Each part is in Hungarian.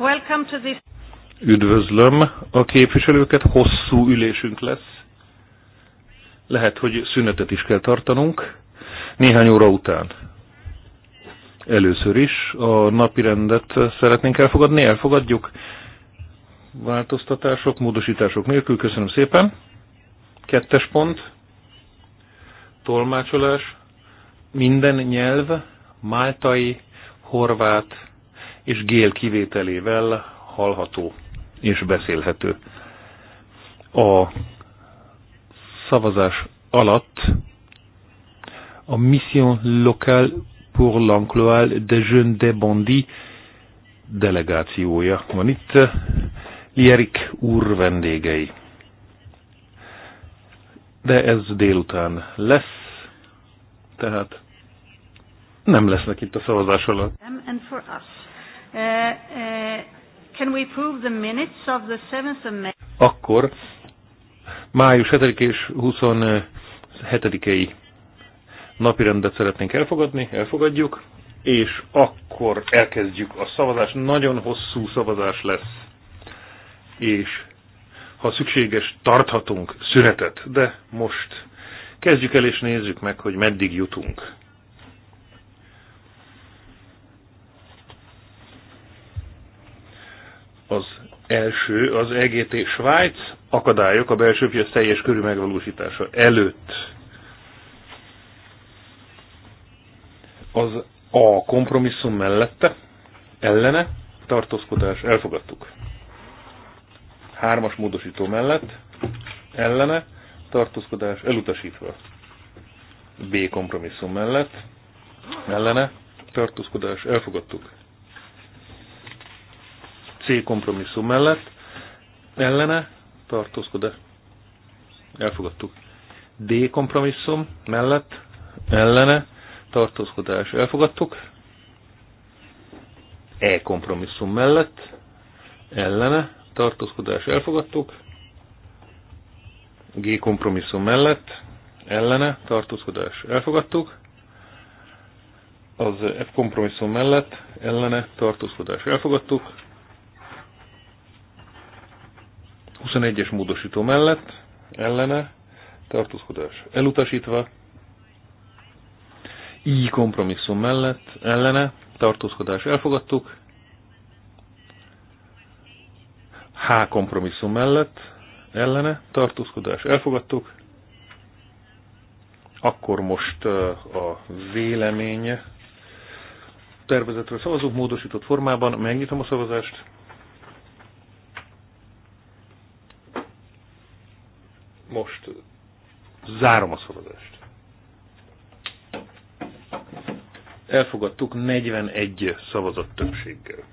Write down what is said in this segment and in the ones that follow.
Welcome to this. Üdvözlöm a képviselőket, hosszú ülésünk lesz. Lehet, hogy szünetet is kell tartanunk. Néhány óra után. Először is a napi rendet szeretnénk elfogadni, elfogadjuk. Változtatások, módosítások nélkül, köszönöm szépen. Kettes pont, tolmácsolás, minden nyelv, máltai, horvát, és gél kivételével hallható és beszélhető. A szavazás alatt a Mission Locale pour l'Encloal de Jeunes de Bondi delegációja van itt, Lierik úr vendégei. De ez délután lesz, tehát nem lesznek itt a szavazás alatt. Uh, uh, can we prove the minutes of the 7th of May? Akkor május 7 és 27-i napirendet szeretnénk elfogadni, elfogadjuk, és akkor elkezdjük a szavazást. Nagyon hosszú szavazás lesz, és ha szükséges, tarthatunk szünetet, de most kezdjük el és nézzük meg, hogy meddig jutunk. Az első az EGT Svájc akadályok a belső piac teljes körű megvalósítása előtt. Az a kompromisszum mellette, ellene, tartózkodás, elfogadtuk. Hármas módosító mellett, ellene, tartózkodás, elutasítva. B kompromisszum mellett, ellene, tartózkodás, elfogadtuk. C kompromisszum mellett, ellene, -e? elfogadtuk. D kompromisszum mellett, ellene, tartózkodás, elfogadtuk. E kompromisszum mellett, ellene, tartózkodás, elfogadtuk. G kompromisszum mellett, ellene, tartózkodás, elfogadtuk. Az F kompromisszum mellett, ellene, tartózkodás, elfogadtuk 21-es módosító mellett, ellene, tartózkodás elutasítva, így kompromisszum mellett, ellene, tartózkodás elfogadtuk, H kompromisszum mellett, ellene, tartózkodás elfogadtuk, akkor most a véleménye tervezetről szavazunk módosított formában, megnyitom a szavazást, Most zárom a szavazást. Elfogadtuk 41 szavazat többséggel.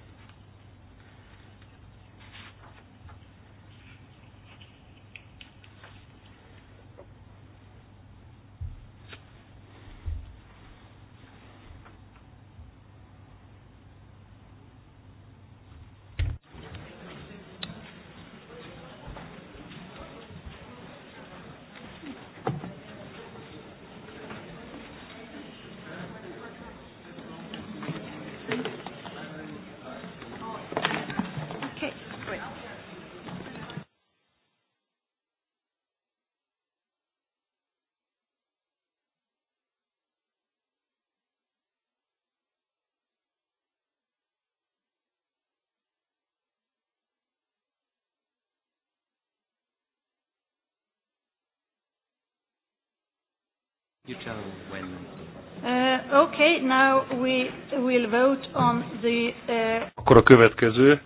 Okay, now we will vote on the, uh... Akkor a következő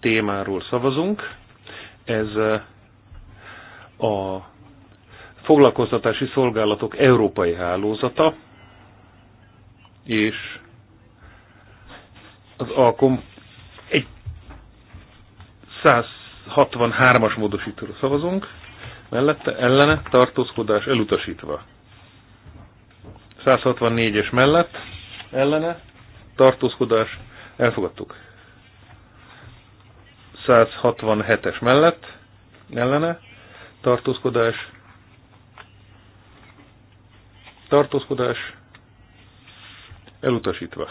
témáról szavazunk. Ez uh, a foglalkoztatási szolgálatok európai hálózata, és az alkom egy 163-as módosítóra szavazunk, mellette ellene tartózkodás elutasítva. 164-es mellett ellene tartózkodás elfogadtuk. 167-es mellett ellene tartózkodás tartózkodás elutasítva.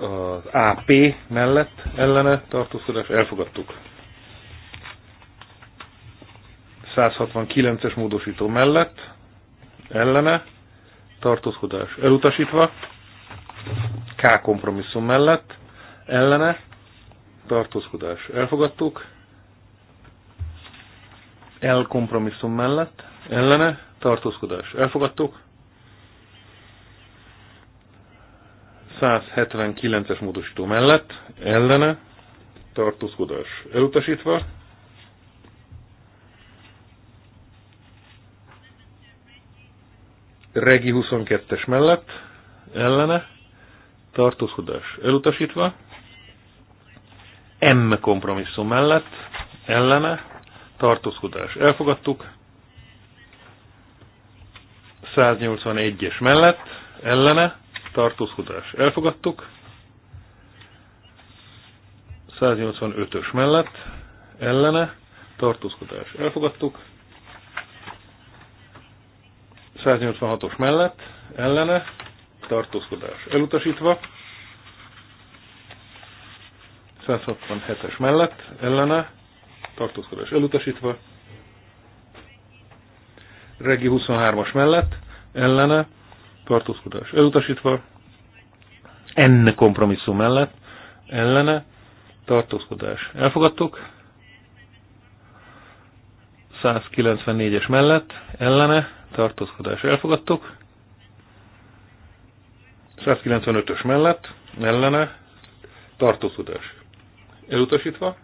Az AP mellett ellene tartózkodás elfogadtuk. 169-es módosító mellett, ellene, tartózkodás elutasítva, K kompromisszum mellett, ellene, tartózkodás elfogadtuk, L kompromisszum mellett, ellene, tartózkodás elfogadtuk, 179-es módosító mellett, ellene, tartózkodás elutasítva, Regi 22-es mellett ellene tartózkodás elutasítva, M kompromisszum mellett ellene tartózkodás elfogadtuk, 181-es mellett ellene tartózkodás elfogadtuk, 185-ös mellett ellene tartózkodás elfogadtuk, 186-os mellett, ellene, tartózkodás elutasítva. 167-es mellett, ellene, tartózkodás elutasítva. Regi 23-as mellett, ellene, tartózkodás elutasítva. N kompromisszum mellett, ellene, tartózkodás elfogadtuk. 194-es mellett, ellene, tartózkodás elfogadtuk. 195-ös mellett, ellene, tartózkodás elutasítva.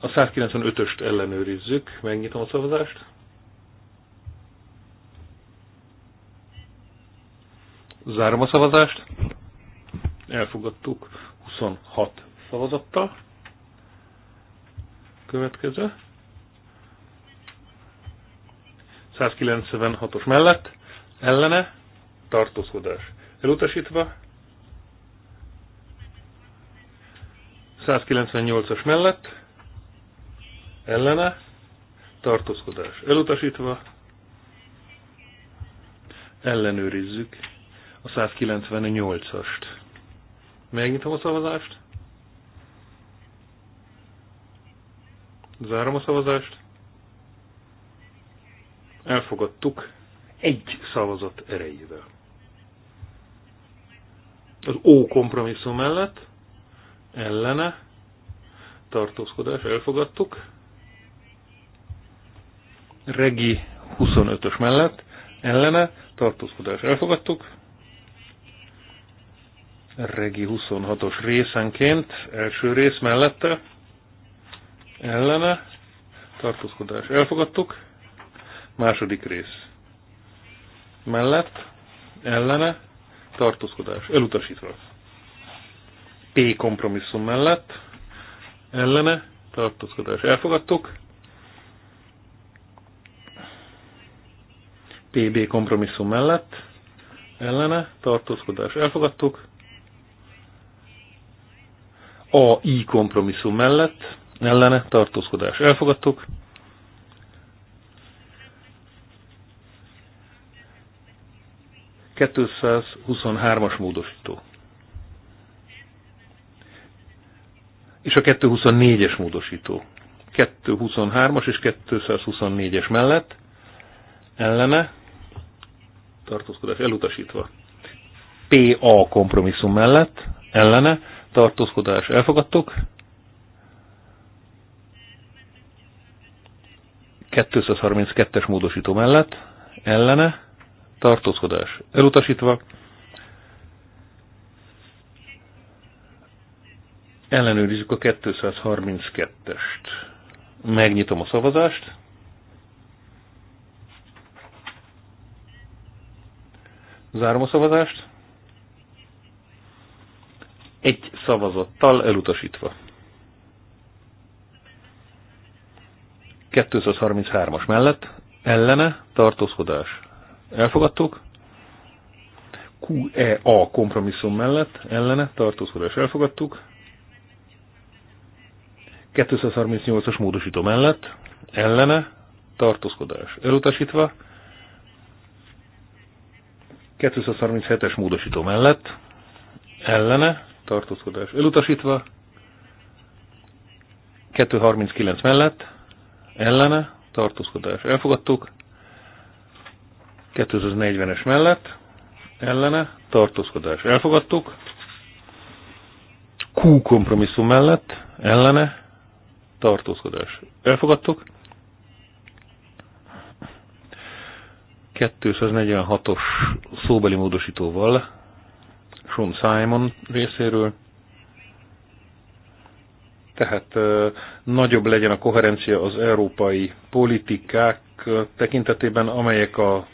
A 195-öst ellenőrizzük, megnyitom a szavazást. Zárom a szavazást. Elfogadtuk 26 szavazattal. Következő. 196-os mellett, ellene, tartózkodás. Elutasítva, 198-as mellett, ellene, tartózkodás. Elutasítva, ellenőrizzük a 198-ast. Megnyitom a szavazást. Zárom a szavazást elfogadtuk egy szavazat erejével. Az ó kompromisszum mellett ellene tartózkodás elfogadtuk. Regi 25-ös mellett ellene tartózkodás elfogadtuk. Regi 26-os részenként első rész mellette ellene tartózkodás elfogadtuk. Második rész. Mellett, ellene, tartózkodás, elutasítva. P kompromisszum mellett, ellene, tartózkodás. Elfogadtuk. PB kompromisszum mellett, ellene, tartózkodás. Elfogadtuk. AI kompromisszum mellett, ellene, tartózkodás. Elfogadtuk. 223-as módosító. És a 224-es módosító. 223-as és 224-es mellett ellene tartózkodás elutasítva. PA kompromisszum mellett ellene tartózkodás elfogadtuk. 232-es módosító mellett ellene tartózkodás elutasítva, ellenőrizzük a 232-est. Megnyitom a szavazást. Zárom a szavazást. Egy szavazattal elutasítva. 233-as mellett ellene tartózkodás elfogadtuk. QEA kompromisszum mellett ellene tartózkodás elfogadtuk. 238-as módosító mellett ellene tartózkodás elutasítva. 237-es módosító mellett ellene tartózkodás elutasítva. 239 mellett ellene tartózkodás elfogadtuk. 240-es mellett ellene tartózkodás elfogadtuk. Q kompromisszum mellett ellene tartózkodás elfogadtuk. 246-os szóbeli módosítóval Sean Simon részéről. Tehát nagyobb legyen a koherencia az európai politikák tekintetében, amelyek a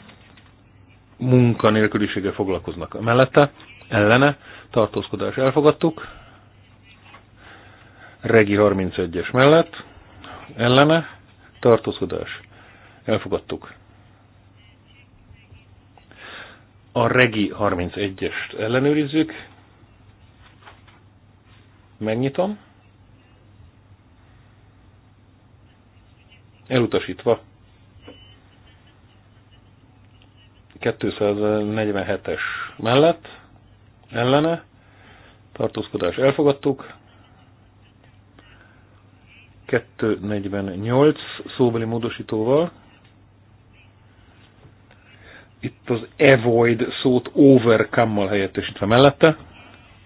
munkanélküliséggel foglalkoznak. Mellette, ellene, tartózkodás elfogadtuk. Regi 31-es mellett, ellene, tartózkodás elfogadtuk. A Regi 31-est ellenőrizzük. Megnyitom. Elutasítva. 247-es mellett, ellene, tartózkodás elfogadtuk, 248 szóbeli módosítóval, itt az avoid szót overcome-mal helyettesítve mellette,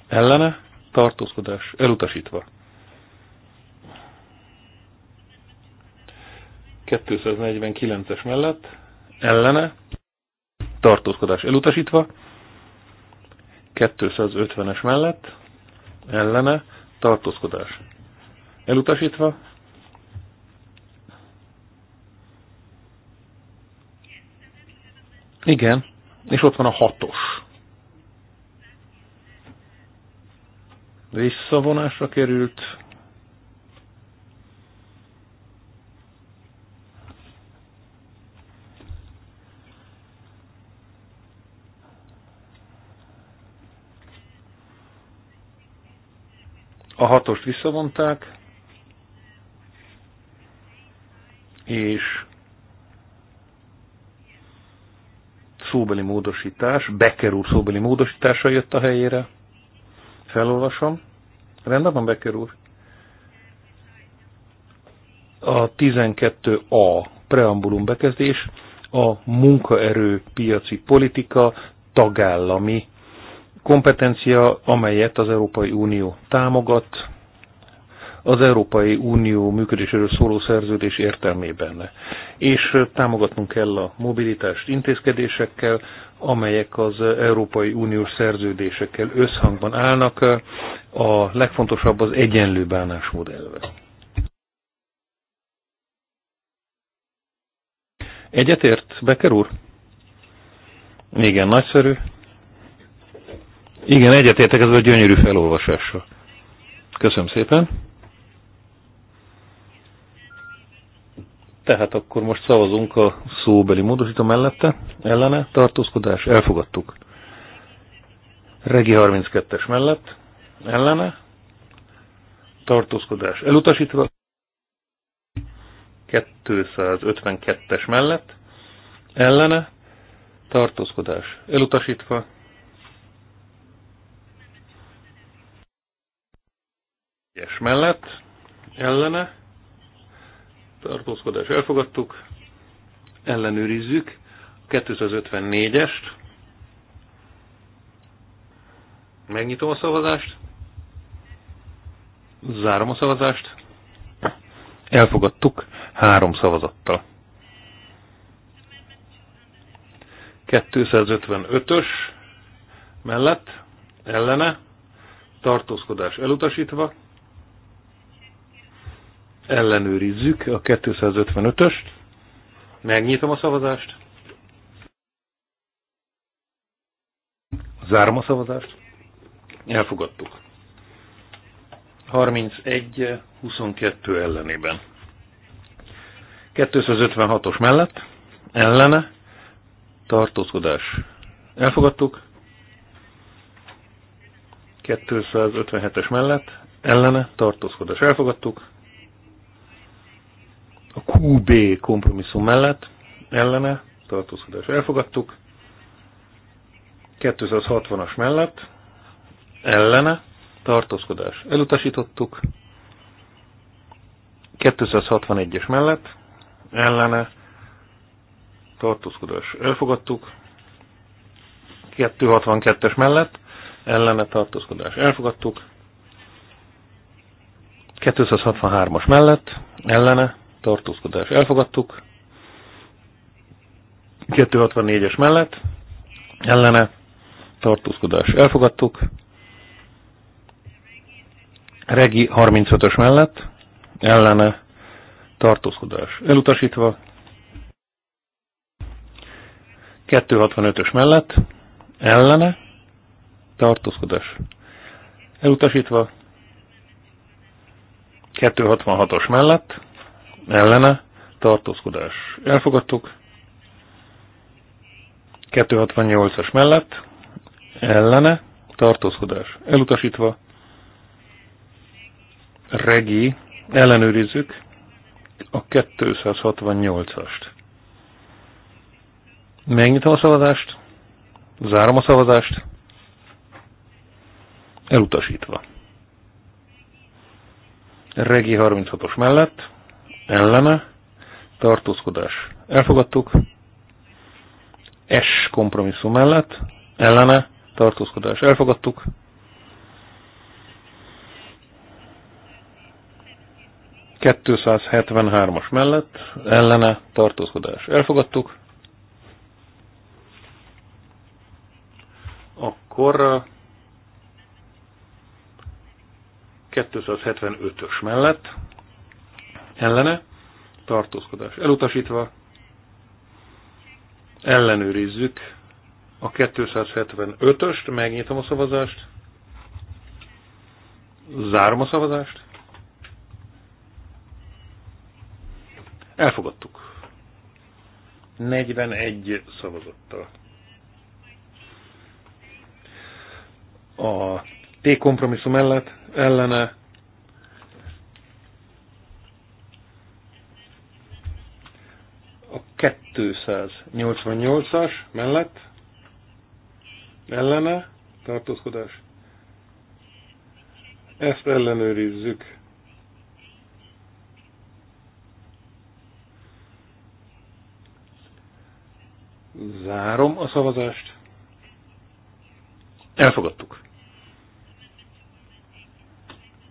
ellene, tartózkodás elutasítva. 249-es mellett, ellene, tartózkodás elutasítva, 250-es mellett, ellene, tartózkodás elutasítva, igen, és ott van a hatos. Visszavonásra került, A hatost visszavonták, és szóbeli módosítás, bekerú szóbeli módosítása jött a helyére. Felolvasom. Rendben van, Becker úr? A 12a preambulum bekezdés a munkaerő piaci politika tagállami kompetencia, amelyet az Európai Unió támogat, az Európai Unió működéséről szóló szerződés értelmében. És támogatnunk kell a mobilitást intézkedésekkel, amelyek az Európai Uniós szerződésekkel összhangban állnak, a legfontosabb az egyenlő bánásmód elve. Egyetért, Becker úr? Igen, nagyszerű. Igen, egyetértek ezzel a gyönyörű felolvasással. Köszönöm szépen. Tehát akkor most szavazunk a szóbeli módosító mellette, ellene, tartózkodás, elfogadtuk. Regi 32-es mellett, ellene, tartózkodás elutasítva, 252-es mellett, ellene, tartózkodás elutasítva, egyes mellett ellene tartózkodás elfogadtuk, ellenőrizzük a 254-est, megnyitom a szavazást, zárom a szavazást, elfogadtuk három szavazattal. 255-ös mellett, ellene, tartózkodás elutasítva, ellenőrizzük a 255-öst. Megnyitom a szavazást. Zárom a szavazást. Elfogadtuk. 31-22 ellenében. 256-os mellett, ellene, tartózkodás. Elfogadtuk. 257-es mellett, ellene, tartózkodás. Elfogadtuk. QB kompromisszum mellett ellene tartózkodás elfogadtuk. 260-as mellett ellene tartózkodás elutasítottuk. 261-es mellett ellene tartózkodás elfogadtuk. 262-es mellett ellene tartózkodás elfogadtuk. 263-as mellett ellene tartózkodás elfogadtuk. 264-es mellett ellene tartózkodás elfogadtuk. Regi 35-ös mellett ellene tartózkodás elutasítva. 265-ös mellett ellene tartózkodás elutasítva. 266-os mellett ellene tartózkodás elfogadtuk, 268-as mellett ellene tartózkodás elutasítva, regi ellenőrizzük a 268-ast. Megnyitom a szavazást, zárom a szavazást, elutasítva. Regi 36-os mellett, ellene, tartózkodás elfogadtuk, S kompromisszum mellett, ellene, tartózkodás elfogadtuk, 273-as mellett ellene tartózkodás. Elfogadtuk. Akkor 275-ös uh, mellett ellene, tartózkodás elutasítva, ellenőrizzük a 275-öst, megnyitom a szavazást, zárom a szavazást, elfogadtuk. 41 szavazattal. A T kompromisszum mellett ellene 288-as mellett ellene tartózkodás. Ezt ellenőrizzük. Zárom a szavazást. Elfogadtuk.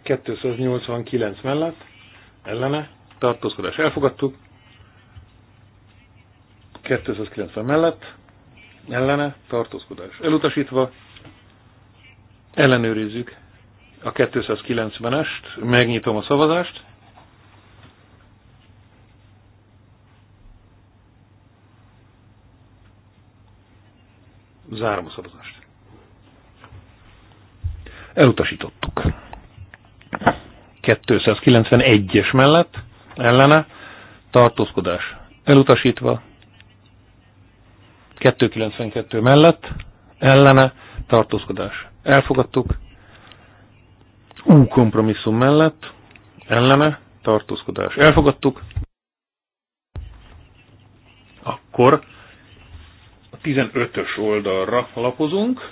289 mellett ellene tartózkodás elfogadtuk. 290 mellett, ellene, tartózkodás elutasítva, ellenőrizzük a 290-est, megnyitom a szavazást, zárom a szavazást. Elutasítottuk. 291-es mellett ellene tartózkodás elutasítva, 292 mellett, ellene, tartózkodás. Elfogadtuk. U kompromisszum mellett, ellene, tartózkodás. Elfogadtuk. Akkor a 15-ös oldalra lapozunk.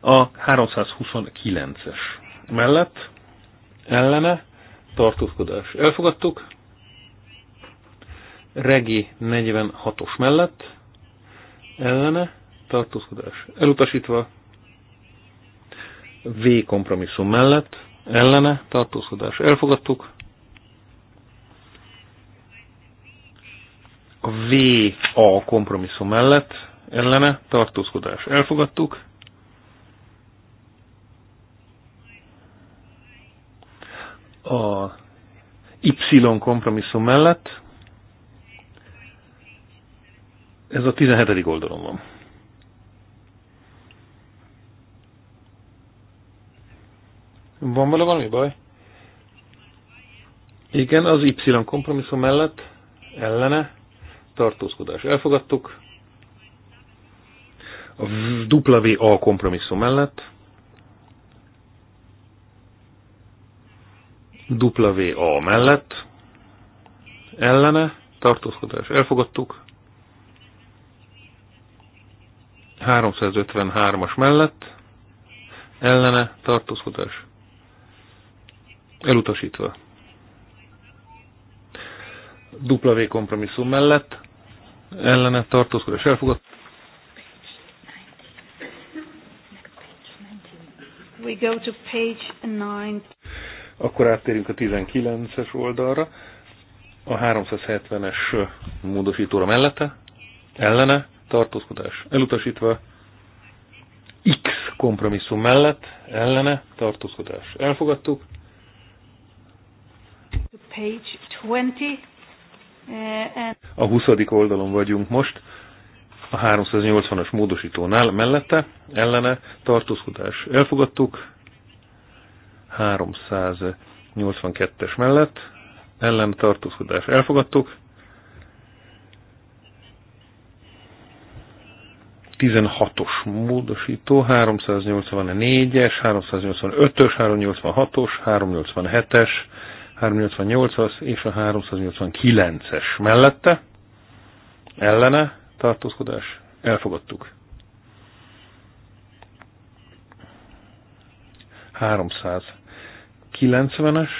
A 329-es mellett, ellene, tartózkodás. Elfogadtuk. Regi 46-os mellett ellene tartózkodás elutasítva, V kompromisszum mellett ellene tartózkodás elfogadtuk, a V a kompromisszum mellett ellene tartózkodás elfogadtuk, a Y kompromisszum mellett ez a 17. oldalon van. Van vele valami baj? Igen, az Y kompromisszum mellett ellene tartózkodás. Elfogadtuk. A A kompromisszum mellett A mellett ellene tartózkodás. Elfogadtuk. 353-as mellett ellene tartózkodás elutasítva. W kompromisszum mellett ellene tartózkodás elfogadott. We go to page Akkor áttérünk a 19-es oldalra, a 370-es módosítóra mellette, ellene, tartózkodás elutasítva, X kompromisszum mellett, ellene, tartózkodás elfogadtuk. Eh, a 20. oldalon vagyunk most, a 380-as módosítónál mellette, ellene, tartózkodás elfogadtuk, 382-es mellett, ellen tartózkodás elfogadtuk, 16-os módosító, 384-es, 385-ös, 386-os, 387-es, 388-as és a 389-es mellette ellene tartózkodás elfogadtuk. 390-es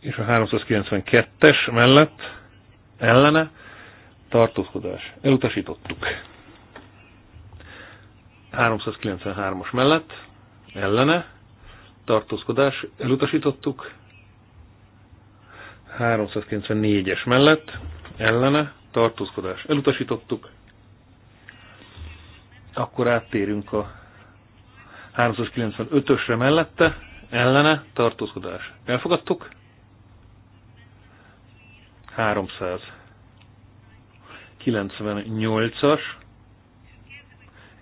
és a 392-es mellett ellene tartózkodás elutasítottuk. 393-as mellett, ellene, tartózkodás, elutasítottuk. 394-es mellett, ellene, tartózkodás, elutasítottuk. Akkor áttérünk a 395-ösre mellette, ellene, tartózkodás. Elfogadtuk. 398-as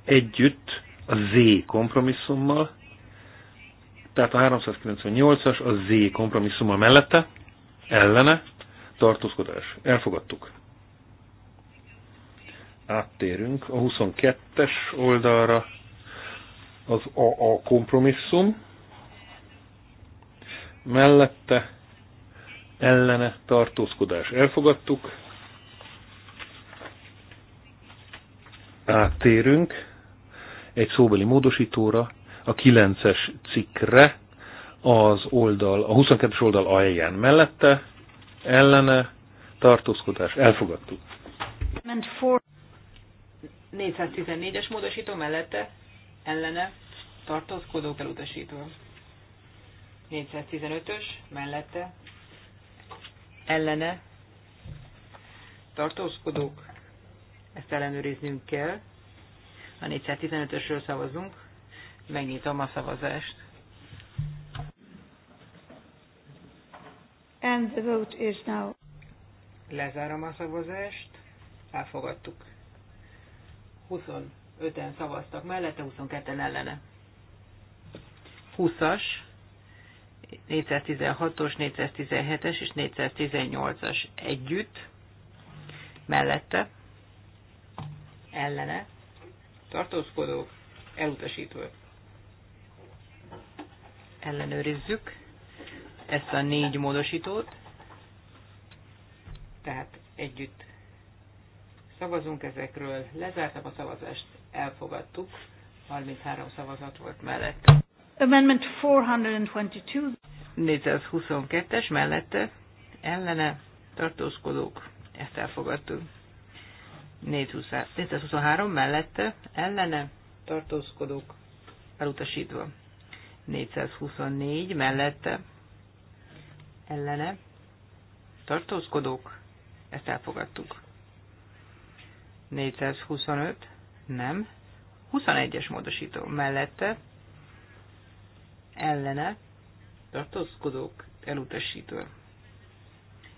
együtt a Z kompromisszummal, tehát a 398-as a Z kompromisszummal mellette, ellene, tartózkodás. Elfogadtuk. Áttérünk a 22-es oldalra az AA kompromisszum, mellette, ellene, tartózkodás. Elfogadtuk. Áttérünk egy szóbeli módosítóra, a 9-es cikkre, az oldal, a 22-es oldal alján mellette, ellene, tartózkodás, elfogadtuk. 414-es módosító mellette, ellene, tartózkodók elutasítva. 415-ös mellette, ellene, tartózkodók, ezt ellenőriznünk kell. A 415-ösről szavazunk. Megnyitom a szavazást. And the vote is now. Lezárom a szavazást. Elfogadtuk. 25-en szavaztak mellette, 22-en ellene. 20-as, 416-os, 417-es és 418-as együtt, mellette, ellene, tartózkodó, elutasítva. Ellenőrizzük ezt a négy módosítót, tehát együtt szavazunk ezekről, lezártam a szavazást, elfogadtuk, 33 szavazat volt mellett. Amendment 422. 422-es mellette ellene tartózkodók, ezt elfogadtuk. 423 mellette ellene tartózkodók elutasítva. 424 mellette ellene tartózkodók, ezt elfogadtuk. 425 nem, 21-es módosító mellette ellene tartózkodók elutasítva.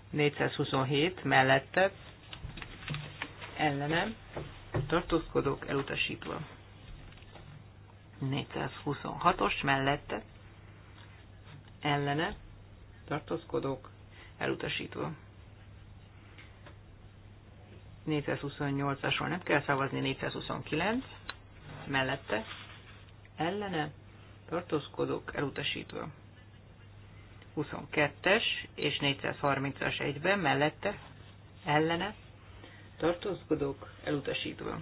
427 mellette ellene tartózkodók elutasítva. 426-os mellette ellene tartózkodók elutasítva. 428-asról nem kell szavazni, 429 mellette ellene tartózkodók elutasítva. 22-es és 430-as egyben mellette ellene tartózkodók elutasítva.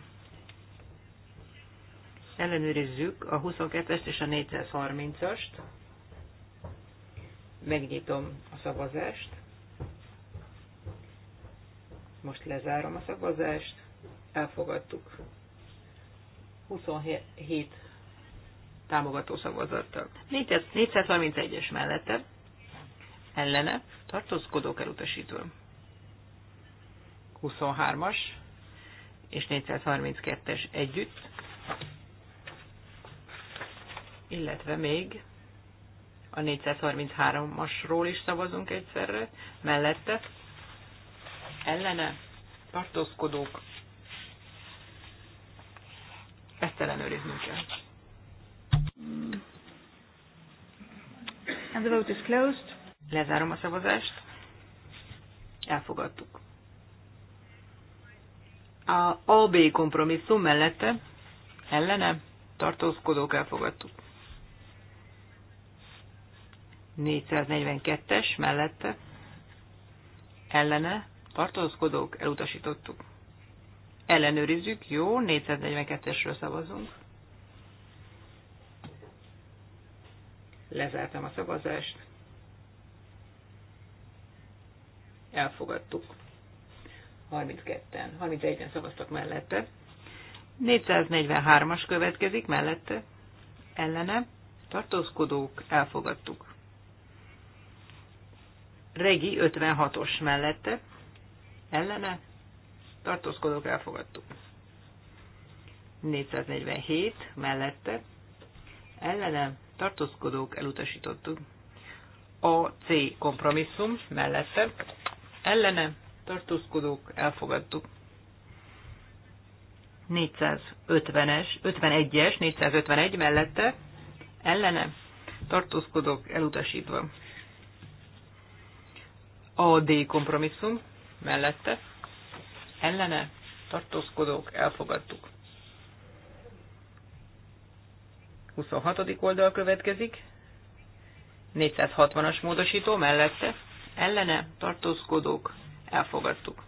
Ellenőrizzük a 22-est és a 430-ast. Megnyitom a szavazást. Most lezárom a szavazást. Elfogadtuk. 27 támogató szavazattal. 431-es mellette ellene tartózkodók elutasítva. 23-as és 432-es együtt, illetve még a 433-asról is szavazunk egyszerre, mellette ellene tartózkodók, ezt ellenőriznünk kell. And the vote is closed. Lezárom a szavazást. Elfogadtuk. A AB kompromisszum mellette ellene tartózkodók elfogadtuk. 442-es mellette ellene tartózkodók elutasítottuk. Ellenőrizzük, jó, 442-esről szavazunk. Lezártam a szavazást. Elfogadtuk. 32-en, 31-en szavaztak mellette. 443-as következik mellette, ellene, tartózkodók, elfogadtuk. Regi 56-os mellette, ellene, tartózkodók, elfogadtuk. 447 mellette, ellene, tartózkodók, elutasítottuk. A C kompromisszum mellette, ellene, tartózkodók, elfogadtuk. 450-es, 51-es, 451 mellette, ellene, tartózkodók, elutasítva. A D kompromisszum mellette, ellene, tartózkodók, elfogadtuk. 26. oldal következik, 460-as módosító mellette, ellene tartózkodók elfogadtuk.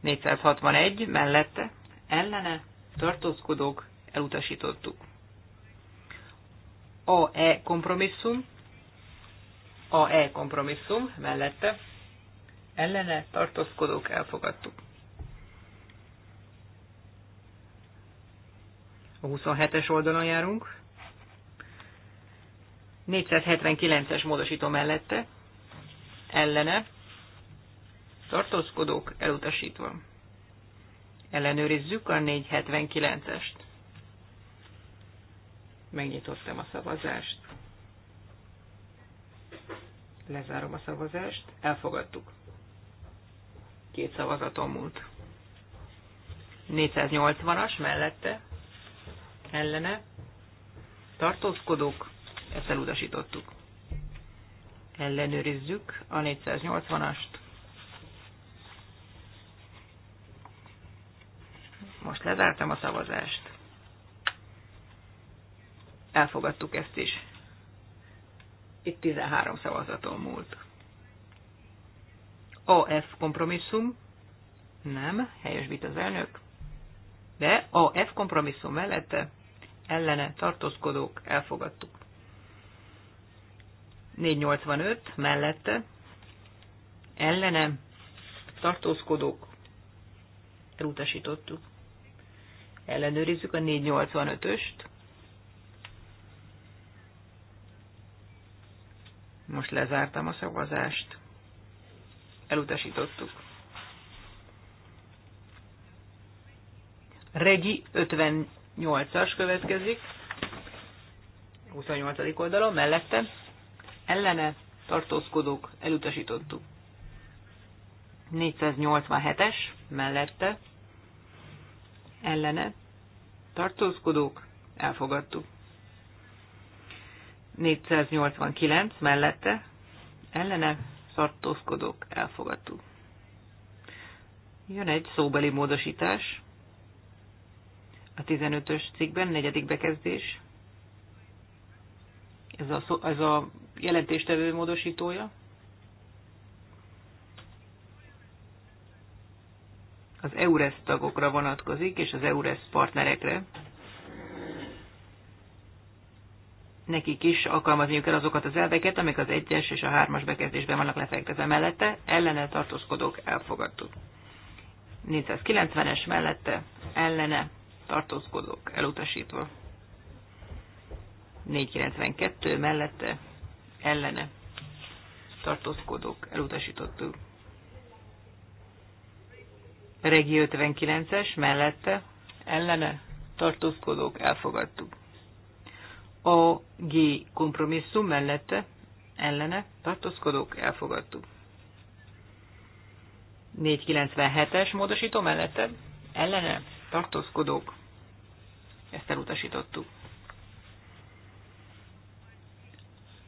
461 mellette ellene tartózkodók elutasítottuk. AE kompromisszum, AE kompromisszum mellette ellene tartózkodók elfogadtuk. A 27-es oldalon járunk. 479-es módosító mellette ellene tartózkodók elutasítva. Ellenőrizzük a 479-est. Megnyitottam a szavazást. Lezárom a szavazást. Elfogadtuk. Két szavazatom múlt. 480-as mellette, ellene, tartózkodók, ezt elutasítottuk. Ellenőrizzük a 480-ast. Most lezártam a szavazást. Elfogadtuk ezt is. Itt 13 szavazaton múlt. AF kompromisszum. Nem, helyesbít az elnök. De AF kompromisszum mellette ellene tartózkodók elfogadtuk. 485 mellette ellene tartózkodók elutasítottuk ellenőrizzük a 485-öst. Most lezártam a szavazást. Elutasítottuk. Regi 58-as következik. 28. oldalon, mellette. Ellene tartózkodók elutasítottuk. 487-es mellette ellene tartózkodók, elfogadtuk. 489 mellette ellene tartózkodók, elfogadtuk. Jön egy szóbeli módosítás a 15-ös cikkben, negyedik bekezdés. Ez a, szó, ez a jelentéstevő módosítója. az EURES tagokra vonatkozik, és az EURES partnerekre. Nekik is alkalmazniuk kell azokat az elveket, amik az egyes és a hármas bekezdésben vannak lefektetve mellette, ellene tartózkodók elfogadtuk. 490-es mellette ellene tartózkodók elutasítva. 492 mellette ellene tartózkodók elutasítottuk. Regi 59-es mellette ellene tartózkodók elfogadtuk. A G kompromisszum mellette ellene tartózkodók elfogadtuk. 497-es módosító mellette ellene tartózkodók ezt elutasítottuk.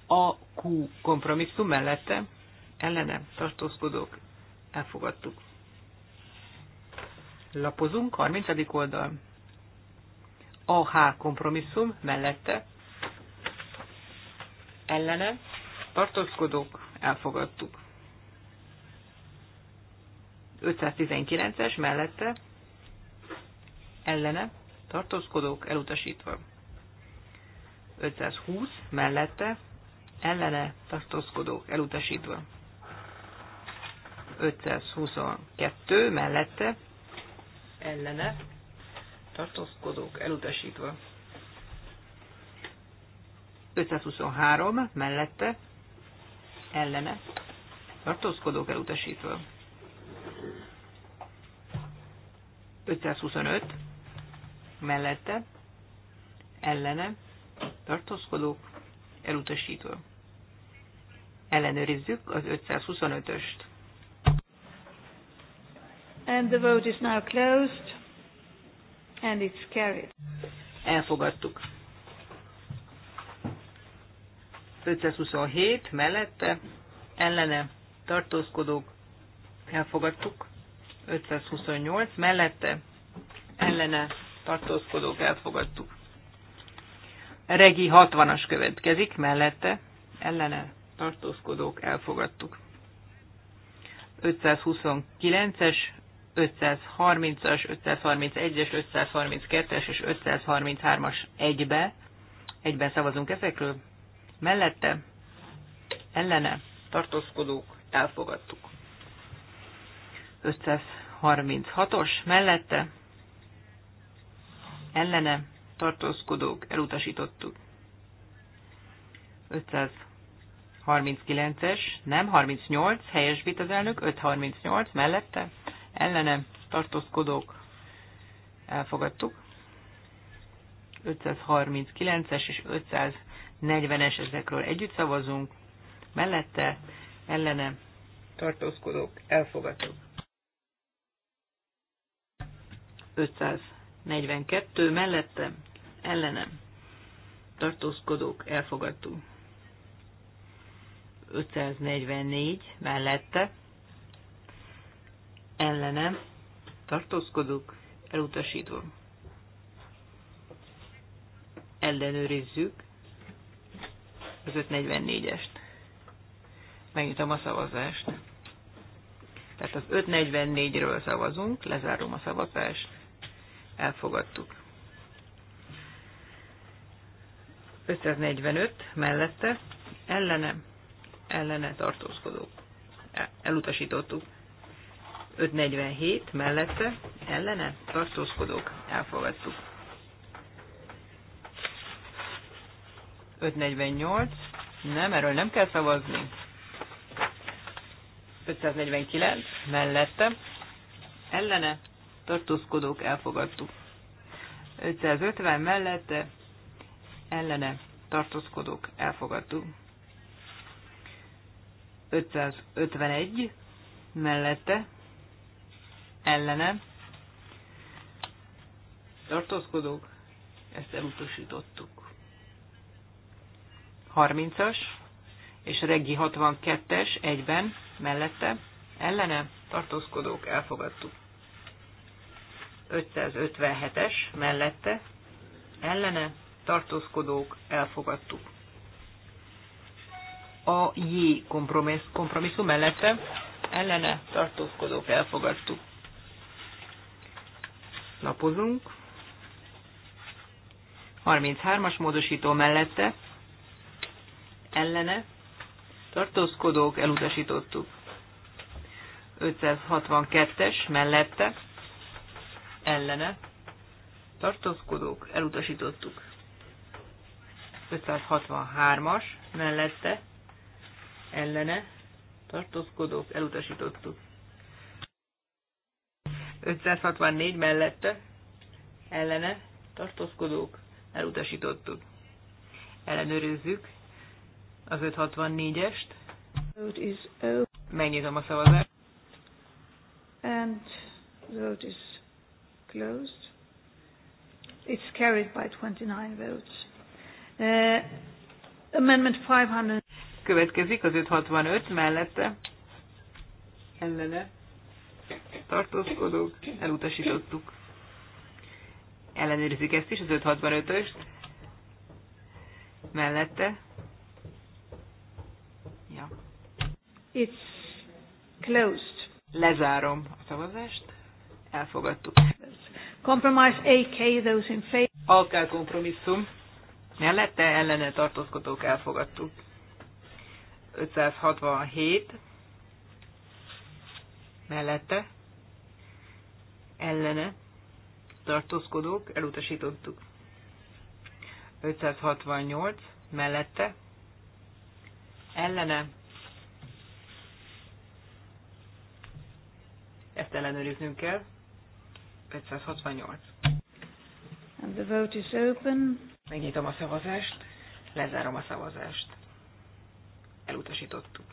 A Q kompromisszum mellette ellene tartózkodók elfogadtuk lapozunk, 30. oldal. AH kompromisszum mellette ellene tartózkodók elfogadtuk. 519-es mellette ellene tartózkodók elutasítva. 520 mellette ellene tartózkodók elutasítva. 522 mellette ellene tartózkodók elutasítva. 523 mellette ellene tartózkodók elutasítva. 525 mellette ellene tartózkodók elutasítva. Ellenőrizzük az 525-öst. And the vote is now closed. And it's carried. Elfogadtuk. 527 mellette, ellene tartózkodók, elfogadtuk. 528 mellette, ellene tartózkodók, elfogadtuk. Regi 60-as következik, mellette, ellene tartózkodók, elfogadtuk. 529-es 530-as, 531-es, 532-es és 533-as egybe. Egyben szavazunk ezekről. Mellette, ellene, tartózkodók, elfogadtuk. 536-os, mellette, ellene, tartózkodók, elutasítottuk. 539-es, nem, 38, helyesbít az elnök, 538, mellette, ellene tartózkodók elfogadtuk. 539-es és 540-es ezekről együtt szavazunk, mellette ellene tartózkodók elfogadtuk. 542 mellette ellenem tartózkodók elfogadtuk. 544 mellette ellenem, tartózkodok, elutasítom. Ellenőrizzük az 544-est. Megnyitom a szavazást. Tehát az 544-ről szavazunk, lezárom a szavazást, elfogadtuk. 545 mellette ellene, ellene tartózkodók. E, elutasítottuk. 547 mellette ellene tartózkodók elfogadtuk. 548 nem, erről nem kell szavazni. 549 mellette ellene tartózkodók elfogadtuk. 550 mellette ellene tartózkodók elfogadtuk. 551 mellette ellene tartózkodók, ezt elutasítottuk. 30-as és reggi 62-es egyben mellette ellene tartózkodók elfogadtuk. 557-es mellette ellene tartózkodók elfogadtuk. A J kompromisszum mellette ellene tartózkodók elfogadtuk. Lapozunk. 33-as módosító mellette ellene tartózkodók elutasítottuk. 562-es mellette ellene tartózkodók elutasítottuk. 563-as mellette ellene tartózkodók elutasítottuk. 564 mellette ellene tartózkodók elutasítottuk. Ellenőrizzük az 564-est. Megnyitom a szavazást. And the vote is closed. It's carried by 29 votes. Uh, amendment 500. Következik az 565 mellette. Ellene tartózkodók, elutasítottuk. Ellenőrizik ezt is, az 565-öst. Mellette. Ja. It's closed. Lezárom a szavazást. Elfogadtuk. Compromise AK, those in favor. Alkál kompromisszum. Mellette ellene tartózkodók elfogadtuk. 567 mellette, ellene tartózkodók elutasítottuk. 568 mellette, ellene ezt ellenőriznünk kell, 568. And the vote is open. Megnyitom a szavazást, lezárom a szavazást. Elutasítottuk.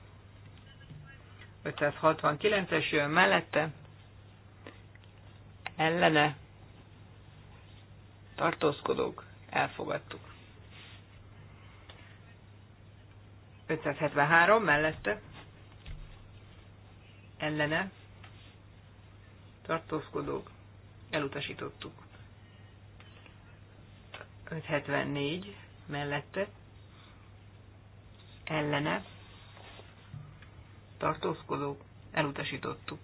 569-es jön mellette, ellene tartózkodók, elfogadtuk. 573 mellette, ellene tartózkodók, elutasítottuk. 574 mellette, ellene tartózkodók, elutasítottuk.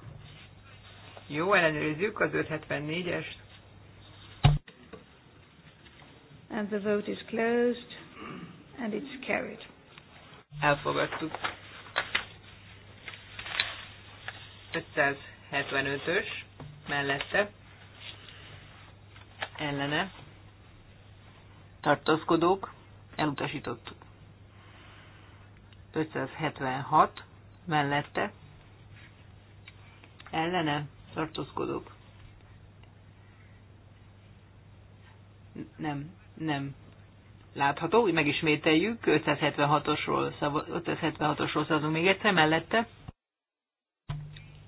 Jó, ellenőrizzük az 574-est. And the vote is closed, and it's carried. Elfogadtuk. 575-ös mellette ellene tartózkodók elutasítottuk. 576 mellette, ellene tartózkodok. Nem, nem. Látható, hogy megismételjük, 576-osról 576-osról szavazunk még egyszer, mellette,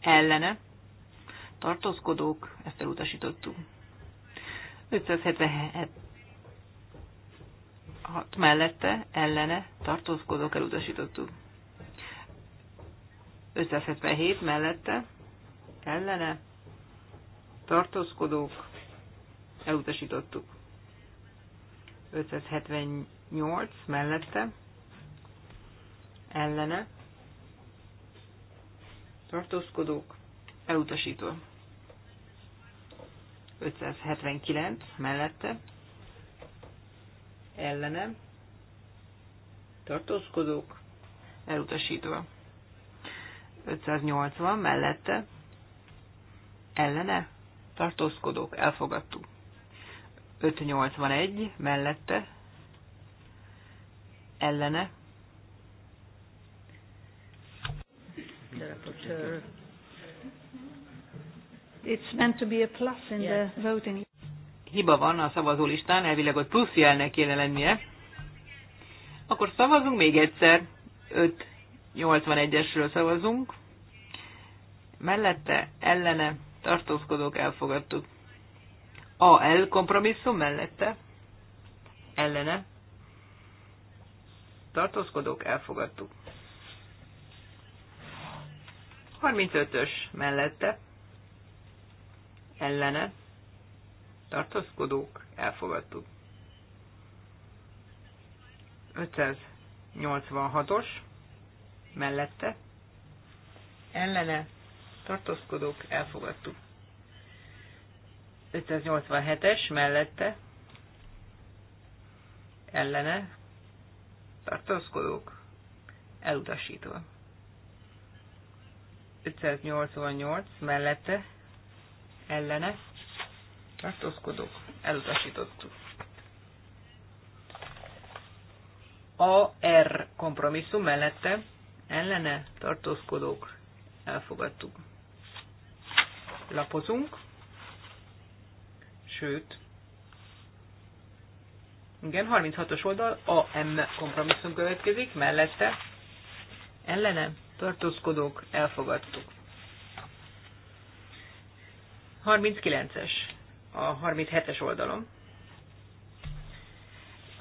ellene tartózkodók, ezt elutasítottuk. 577 mellette, ellene tartózkodók elutasítottuk. 577 mellette ellene tartózkodók elutasítottuk. 578 mellette ellene tartózkodók elutasító. 579 mellette ellene tartózkodók elutasítva. 580 mellette ellene tartózkodók elfogadtuk. 581 mellette ellene It's meant to be a plus in the voting. Hiba van a szavazólistán, elvileg ott plusz jelnek kéne lennie. Akkor szavazunk még egyszer. 5 81-esről szavazunk. Mellette, ellene, tartózkodók elfogadtuk. L kompromisszum mellette, ellene, tartózkodók elfogadtuk. 35-ös mellette, ellene, tartózkodók elfogadtuk. 586-os mellette, ellene, tartózkodók, elfogadtuk. 587-es mellette, ellene, tartózkodók, elutasítva. 588 mellette, ellene, tartózkodók, elutasítottuk. AR kompromisszum mellette ellene tartózkodók elfogadtuk. Lapozunk, sőt, igen, 36-os oldal, a M kompromisszum következik, mellette ellene tartózkodók elfogadtuk. 39-es, a 37-es oldalon.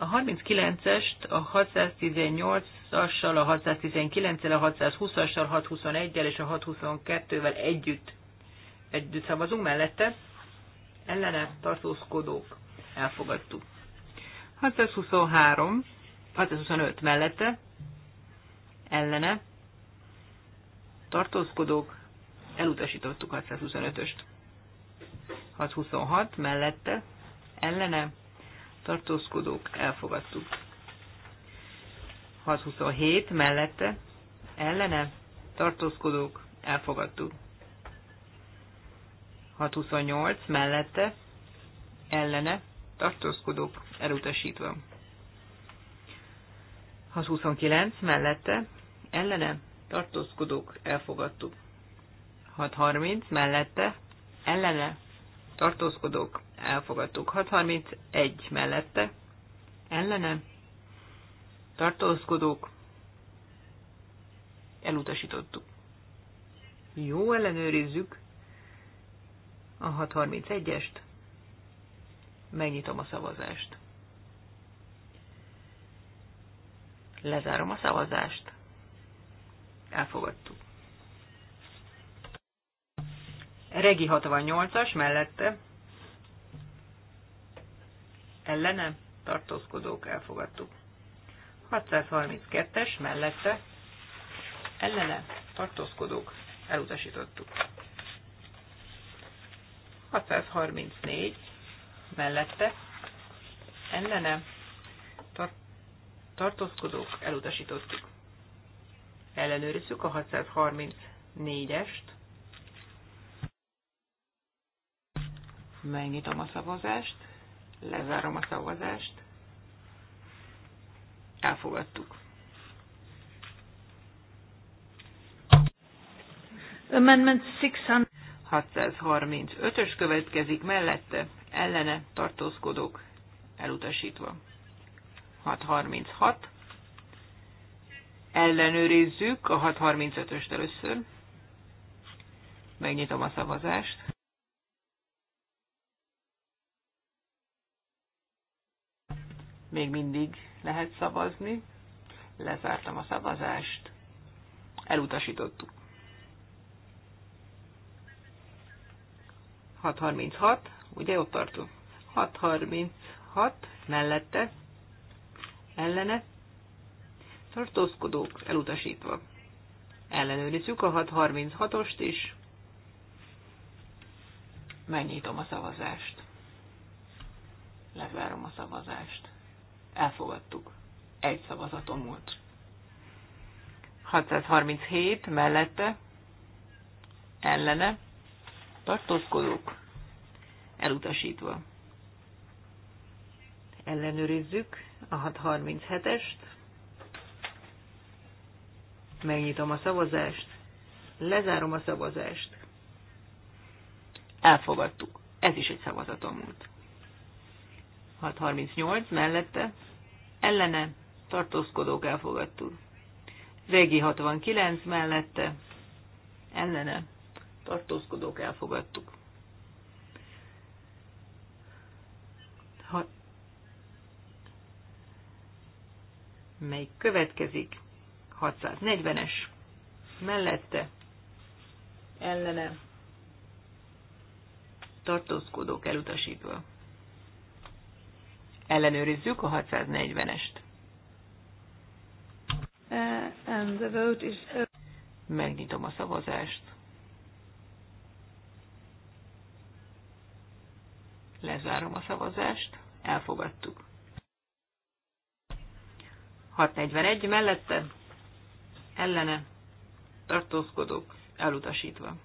A 39-est a 618-assal, a 619-el, a 620-assal, 621-el és a 622-vel együtt, együtt szavazunk mellette. Ellene tartózkodók elfogadtuk. 623, 625 mellette, ellene tartózkodók elutasítottuk 625-öst. 626 mellette, ellene tartózkodók, elfogadtuk. 627 mellette, ellene, tartózkodók, elfogadtuk. 628 mellette, ellene, tartózkodók, elutasítva. 629 mellette, ellene, tartózkodók, elfogadtuk. 630 mellette, ellene, tartózkodók, elfogadtuk. 631 mellette, ellene, tartózkodók, elutasítottuk. Jó, ellenőrizzük a 631-est, megnyitom a szavazást. Lezárom a szavazást. Elfogadtuk. Regi 68-as mellette ellene tartózkodók elfogadtuk. 632-es mellette ellene tartózkodók elutasítottuk. 634 mellette ellene tar tartózkodók elutasítottuk. Ellenőrizzük a 634-est. Megnyitom a szavazást, lezárom a szavazást. Elfogadtuk. Amendment 600. 635-ös következik mellette, ellene tartózkodók elutasítva. 636. Ellenőrizzük a 635-öst először. Megnyitom a szavazást. Még mindig lehet szavazni. Lezártam a szavazást. Elutasítottuk. 636, ugye ott tartunk. 636 mellette, ellene, tartózkodók elutasítva. Ellenőrizzük a 636-ost is. Megnyitom a szavazást. Lezárom a szavazást elfogadtuk. Egy szavazaton múlt. 637 mellette, ellene, tartózkodók, elutasítva. Ellenőrizzük a 637-est. Megnyitom a szavazást. Lezárom a szavazást. Elfogadtuk. Ez is egy szavazatom múlt. 638 mellette, ellene tartózkodók elfogadtuk. Regi 69 mellette ellene tartózkodók elfogadtuk. Ha... Mely következik? 640-es mellette ellene tartózkodók elutasítva ellenőrizzük a 640-est. Uh, and the vote is... Megnyitom a szavazást. Lezárom a szavazást. Elfogadtuk. 641 mellette ellene tartózkodók elutasítva.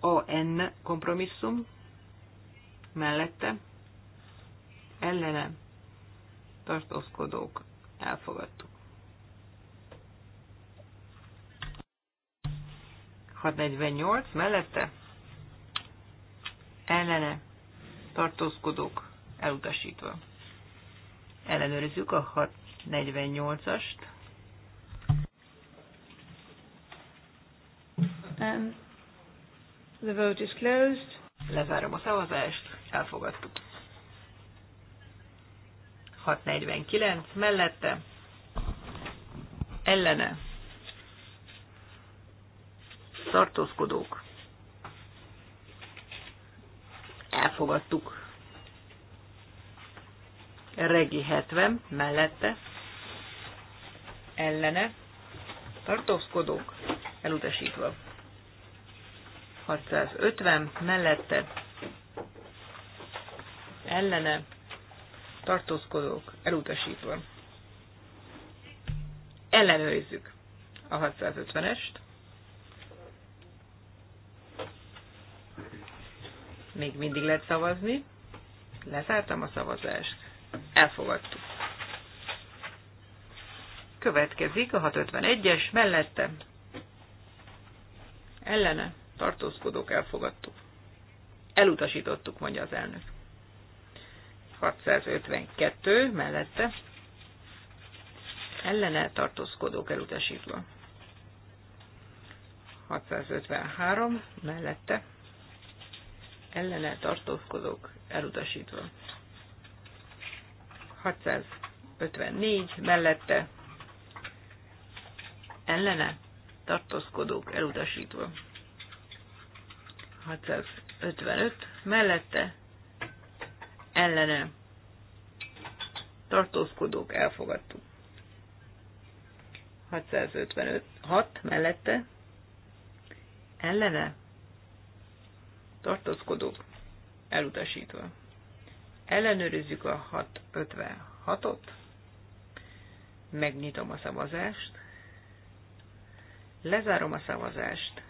A N kompromisszum mellette ellene tartózkodók elfogadtuk. 648 mellette ellene tartózkodók elutasítva. Ellenőrizzük a 648-ast. And the vote is closed. Lezárom a szavazást, elfogadtuk. 649 mellette ellene tartózkodók elfogadtuk. Regi 70 mellette ellene tartózkodók elutasítva. 650 mellette ellene tartózkodók elutasítva. Ellenőrizzük a 650-est. Még mindig lehet szavazni. Lezártam a szavazást. Elfogadtuk. Következik a 651-es, mellette ellene tartózkodók elfogadtuk. Elutasítottuk, mondja az elnök. 652 mellette ellene tartózkodók elutasítva. 653 mellette ellene tartózkodók elutasítva. 654 mellette ellene tartózkodók elutasítva. 655 mellette ellene tartózkodók elfogadtuk. 655, 6 mellette ellene tartózkodók elutasítva. Ellenőrizzük a 656-ot, megnyitom a szavazást, lezárom a szavazást,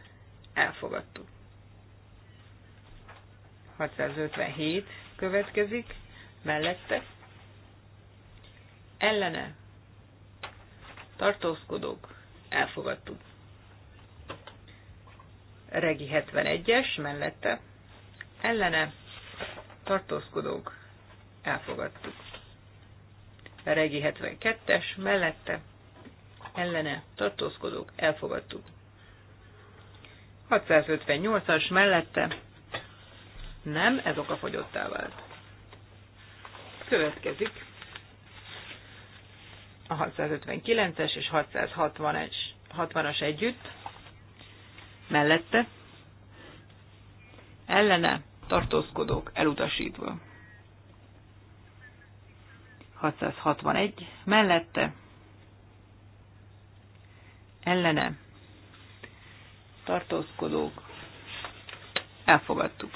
elfogadtuk. 657 következik, mellette, ellene, tartózkodók, elfogadtuk. Regi 71-es, mellette, ellene, tartózkodók, elfogadtuk. Regi 72-es, mellette, ellene, tartózkodók, elfogadtuk. 658-as mellette nem, ez fogyottá vált. Következik a 659-es és 660-as együtt, mellette, ellene tartózkodók elutasítva. 661, mellette, ellene tartózkodók elfogadtuk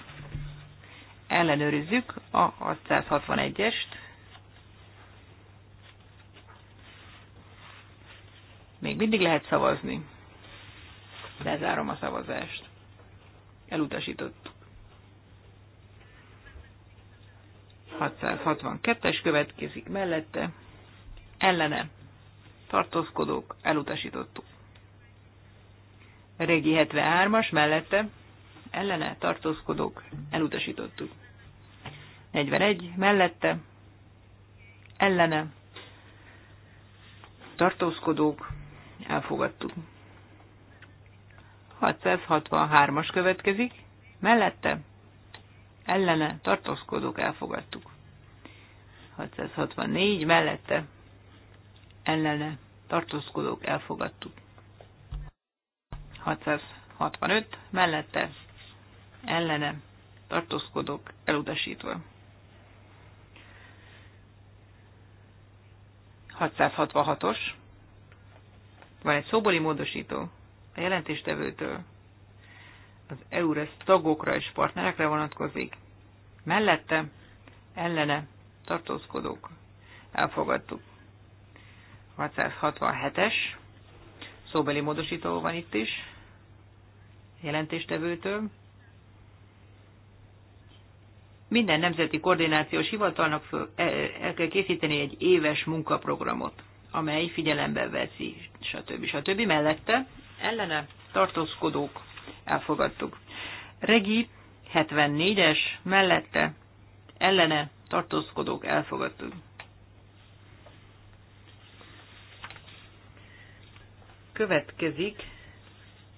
ellenőrizzük a 661-est. Még mindig lehet szavazni. Lezárom a szavazást. Elutasítottuk. 662-es következik mellette. Ellene. Tartózkodók. Elutasítottuk. Régi 73-as mellette ellene tartózkodók elutasítottuk. 41 mellette ellene tartózkodók elfogadtuk. 663-as következik, mellette ellene tartózkodók elfogadtuk. 664 mellette ellene tartózkodók elfogadtuk. 665 mellette ellene tartózkodok elutasítva. 666-os. Van egy szóbori módosító a jelentéstevőtől. Az EURES tagokra és partnerekre vonatkozik. Mellette ellene tartózkodók elfogadtuk. 667-es szóbeli módosító van itt is, jelentéstevőtől, minden nemzeti koordinációs hivatalnak föl, e, e, el kell készíteni egy éves munkaprogramot, amely figyelembe veszi, stb. stb. Mellette ellene tartózkodók elfogadtuk. Regi 74-es mellette ellene tartózkodók elfogadtuk. Következik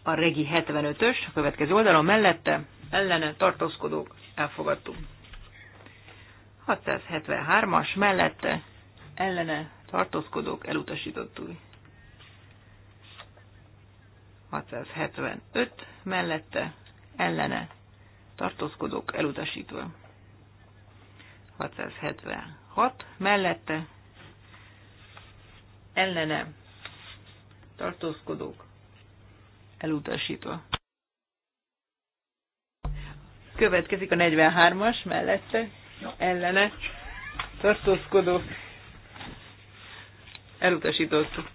a Regi 75-ös, a következő oldalon mellette ellene tartózkodók elfogadtuk. 673-as mellette ellene tartózkodók elutasítottul. 675 mellette ellene tartózkodók elutasítva. 676 mellette ellene tartózkodók elutasítva. Következik a 43-as mellette ellene tartózkodó elutasítottuk.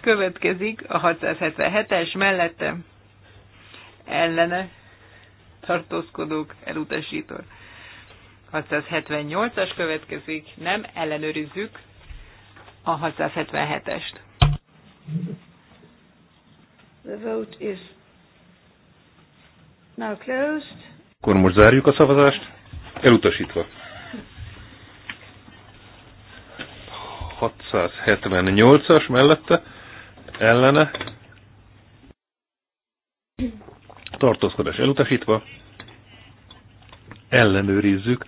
Következik a 677-es mellette ellene tartózkodók elutasított. 678-as következik, nem ellenőrizzük a 677-est. The vote is now closed. Akkor most zárjuk a szavazást. Elutasítva. 678-as mellette, ellene, tartózkodás elutasítva, ellenőrizzük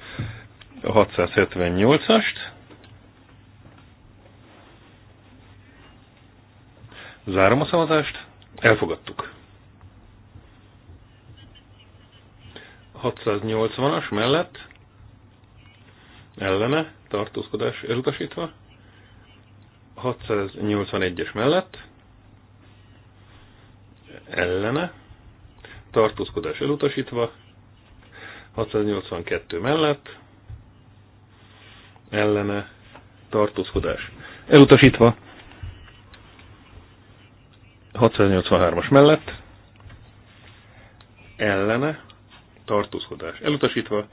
a 678-ast, zárom a szavazást, elfogadtuk. 680-as mellett ellene tartózkodás elutasítva, 681-es mellett ellene tartózkodás elutasítva, 682 mellett ellene tartózkodás elutasítva, 683-as mellett ellene tartózkodás elutasítva,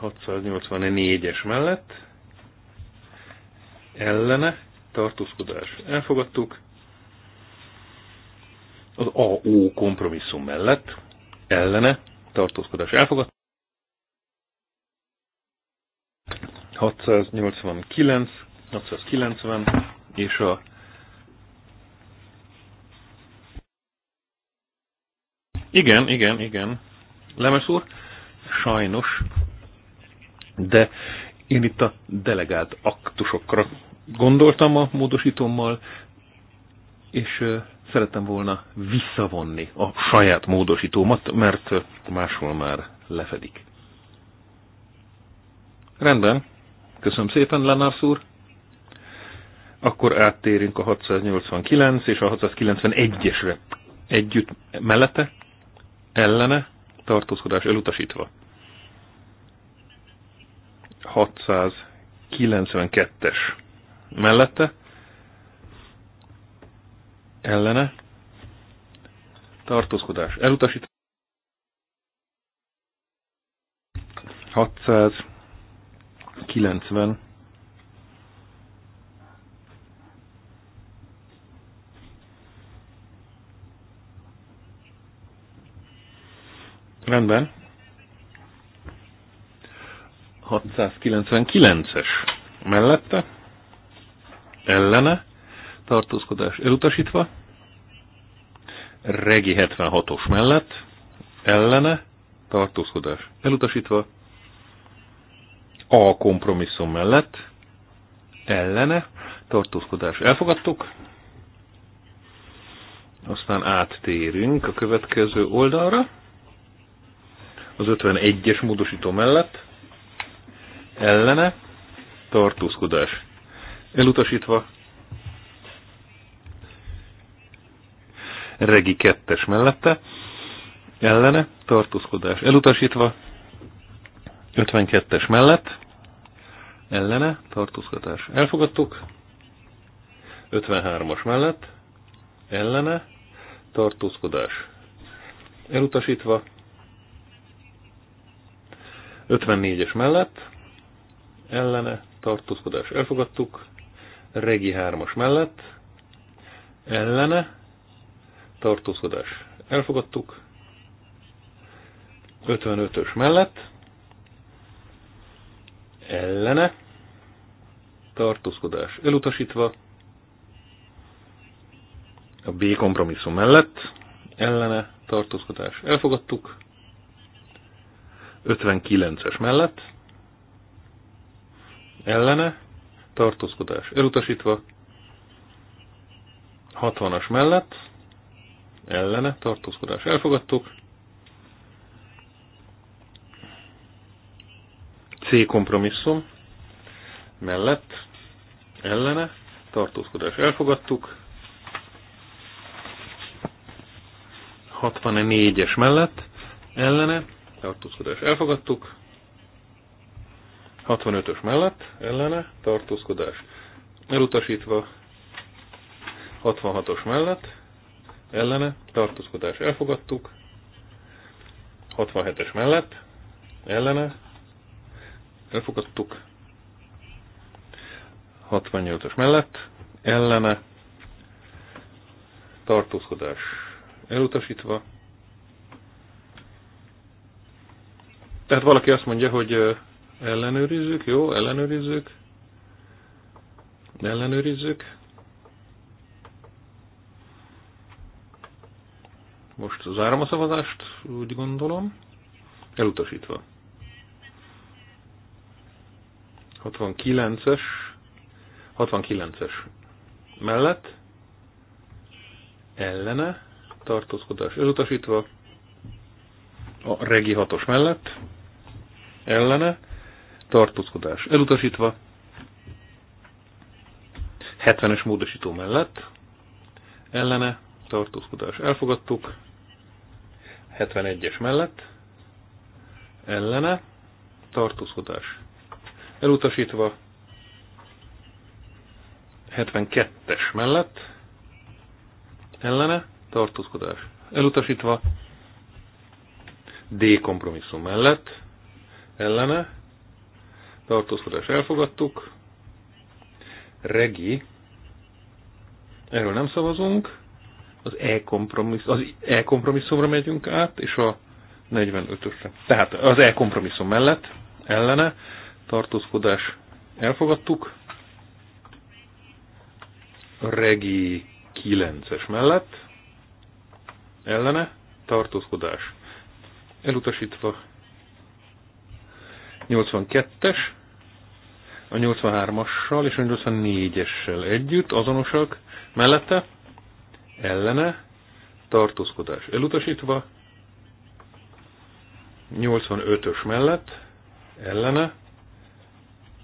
684-es mellett ellene tartózkodás elfogadtuk, az AO kompromisszum mellett ellene tartózkodás elfogadtuk, 689, 690 és a Igen, igen, igen. Lemes úr, sajnos, de én itt a delegált aktusokra gondoltam a módosítommal, és szerettem volna visszavonni a saját módosítómat, mert máshol már lefedik. Rendben, köszönöm szépen, Lenársz úr. Akkor áttérünk a 689 és a 691-esre együtt mellette ellene, tartózkodás elutasítva. 692-es mellette, ellene, tartózkodás elutasítva. 690 Rendben. 699-es mellette, ellene, tartózkodás elutasítva, regi 76-os mellett, ellene, tartózkodás elutasítva, a kompromisszum mellett, ellene, tartózkodás elfogadtuk, aztán áttérünk a következő oldalra, az 51-es módosító mellett, ellene, tartózkodás elutasítva, regi 2-es mellette, ellene, tartózkodás elutasítva, 52-es mellett, ellene, tartózkodás elfogadtuk, 53-as mellett, ellene, tartózkodás elutasítva, 54-es mellett ellene tartózkodás elfogadtuk, Regi 3-as mellett ellene tartózkodás elfogadtuk, 55-ös mellett ellene tartózkodás elutasítva, a B kompromisszum mellett ellene tartózkodás elfogadtuk, 59-es mellett, ellene, tartózkodás elutasítva, 60-as mellett, ellene, tartózkodás elfogadtuk, C kompromisszum mellett, ellene, tartózkodás elfogadtuk, 64-es mellett, ellene, tartózkodás elfogadtuk. 65-ös mellett ellene tartózkodás elutasítva. 66-os mellett ellene tartózkodás elfogadtuk. 67-es mellett ellene elfogadtuk. 68 os mellett ellene tartózkodás elutasítva. Tehát valaki azt mondja, hogy ellenőrizzük, jó, ellenőrizzük, ellenőrizzük. Most zárom a szavazást, úgy gondolom, elutasítva. 69-es, 69-es mellett, ellene, tartózkodás elutasítva, a regi 6-os mellett, ellene, tartózkodás elutasítva, 70-es módosító mellett, ellene, tartózkodás elfogadtuk, 71-es mellett, ellene, tartózkodás elutasítva, 72-es mellett, ellene, tartózkodás elutasítva, D kompromisszum mellett, ellene, tartózkodás elfogadtuk, regi, erről nem szavazunk, az e-kompromisszumra e, az e megyünk át, és a 45-ösre. Tehát az e-kompromisszum mellett, ellene, tartózkodás elfogadtuk, regi 9-es mellett, ellene, tartózkodás elutasítva 82-es, a 83-assal és a 84-essel együtt azonosak, mellette ellene tartózkodás elutasítva, 85-ös mellett ellene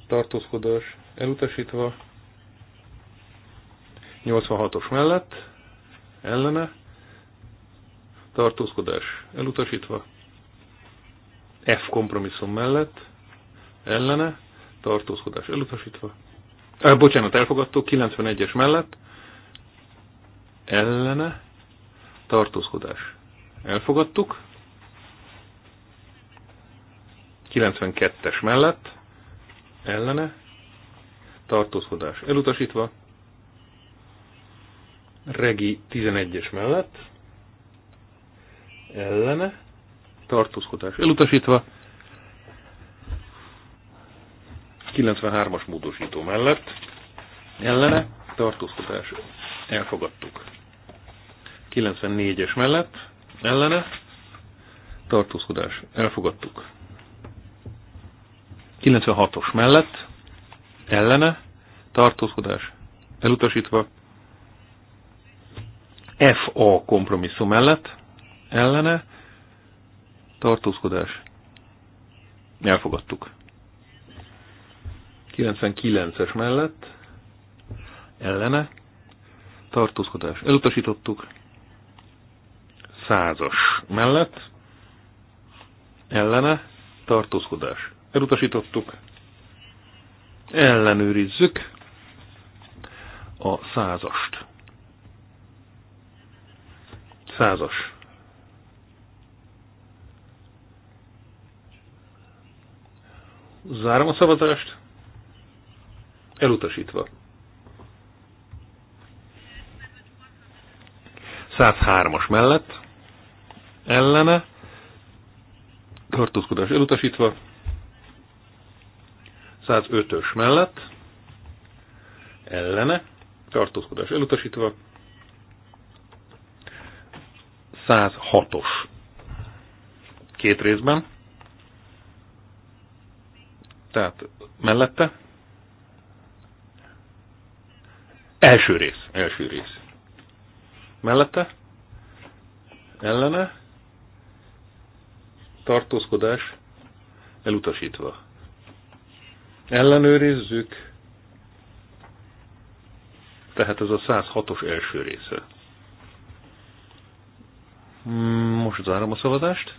tartózkodás elutasítva, 86-os mellett ellene tartózkodás elutasítva, F kompromisszum mellett ellene, tartózkodás elutasítva. Eh, bocsánat, elfogadtó, 91-es mellett, ellene, tartózkodás. Elfogadtuk. 92-es mellett, ellene, tartózkodás elutasítva. Regi 11-es mellett, ellene, tartózkodás elutasítva. 93-as módosító mellett ellene tartóztatás elfogadtuk. 94-es mellett ellene tartózkodás elfogadtuk. 96-os mellett ellene tartózkodás elutasítva FA kompromisszum mellett ellene tartózkodás elfogadtuk. 99-es mellett ellene tartózkodás elutasítottuk, 100-as mellett ellene tartózkodás elutasítottuk, ellenőrizzük a százast. as Zárom a szavazást. Elutasítva. 103-as mellett ellene tartózkodás elutasítva. 105-ös mellett ellene tartózkodás elutasítva. 106-os két részben. Tehát mellette Első rész. Első rész. Mellette? Ellene? Tartózkodás? Elutasítva. Ellenőrizzük. Tehát ez a 106-os első része. Hmm, most zárom a szavazást.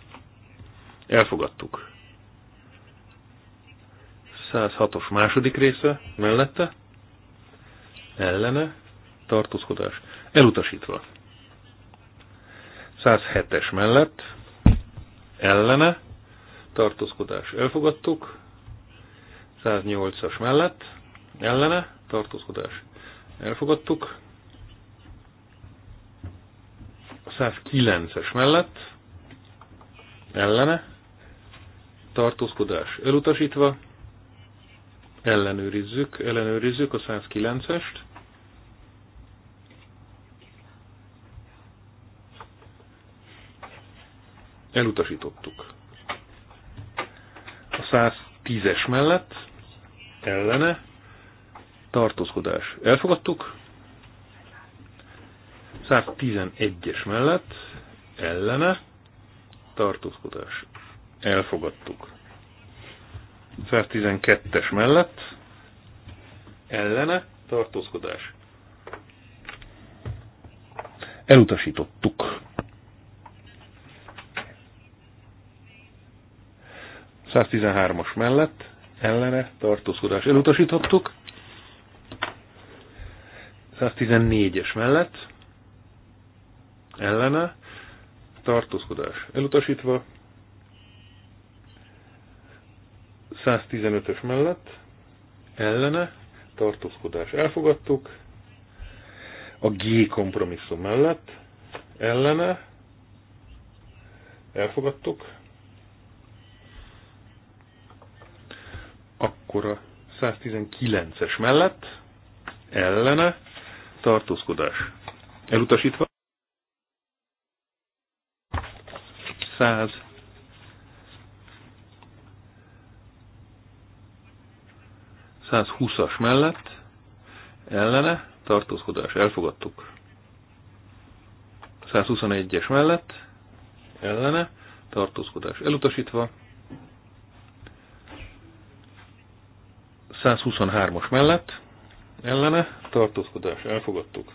Elfogadtuk. 106-os második része mellette ellene tartózkodás elutasítva. 107-es mellett ellene tartózkodás elfogadtuk, 108-as mellett ellene tartózkodás elfogadtuk, 109-es mellett ellene tartózkodás elutasítva, ellenőrizzük, ellenőrizzük a 109-est. Elutasítottuk. A 110-es mellett ellene tartózkodás. Elfogadtuk. 111-es mellett ellene tartózkodás. Elfogadtuk. 112-es mellett ellene tartózkodás. Elutasítottuk. as mellett ellene tartózkodás elutasítottuk. 114-es mellett ellene tartózkodás elutasítva. 115-ös mellett ellene tartózkodás elfogadtuk, a G kompromisszum mellett ellene elfogadtuk, akkor a 119-es mellett ellene tartózkodás elutasítva 100 120-as mellett ellene tartózkodás elfogadtuk. 121-es mellett ellene tartózkodás elutasítva. 123-as mellett ellene tartózkodás elfogadtuk.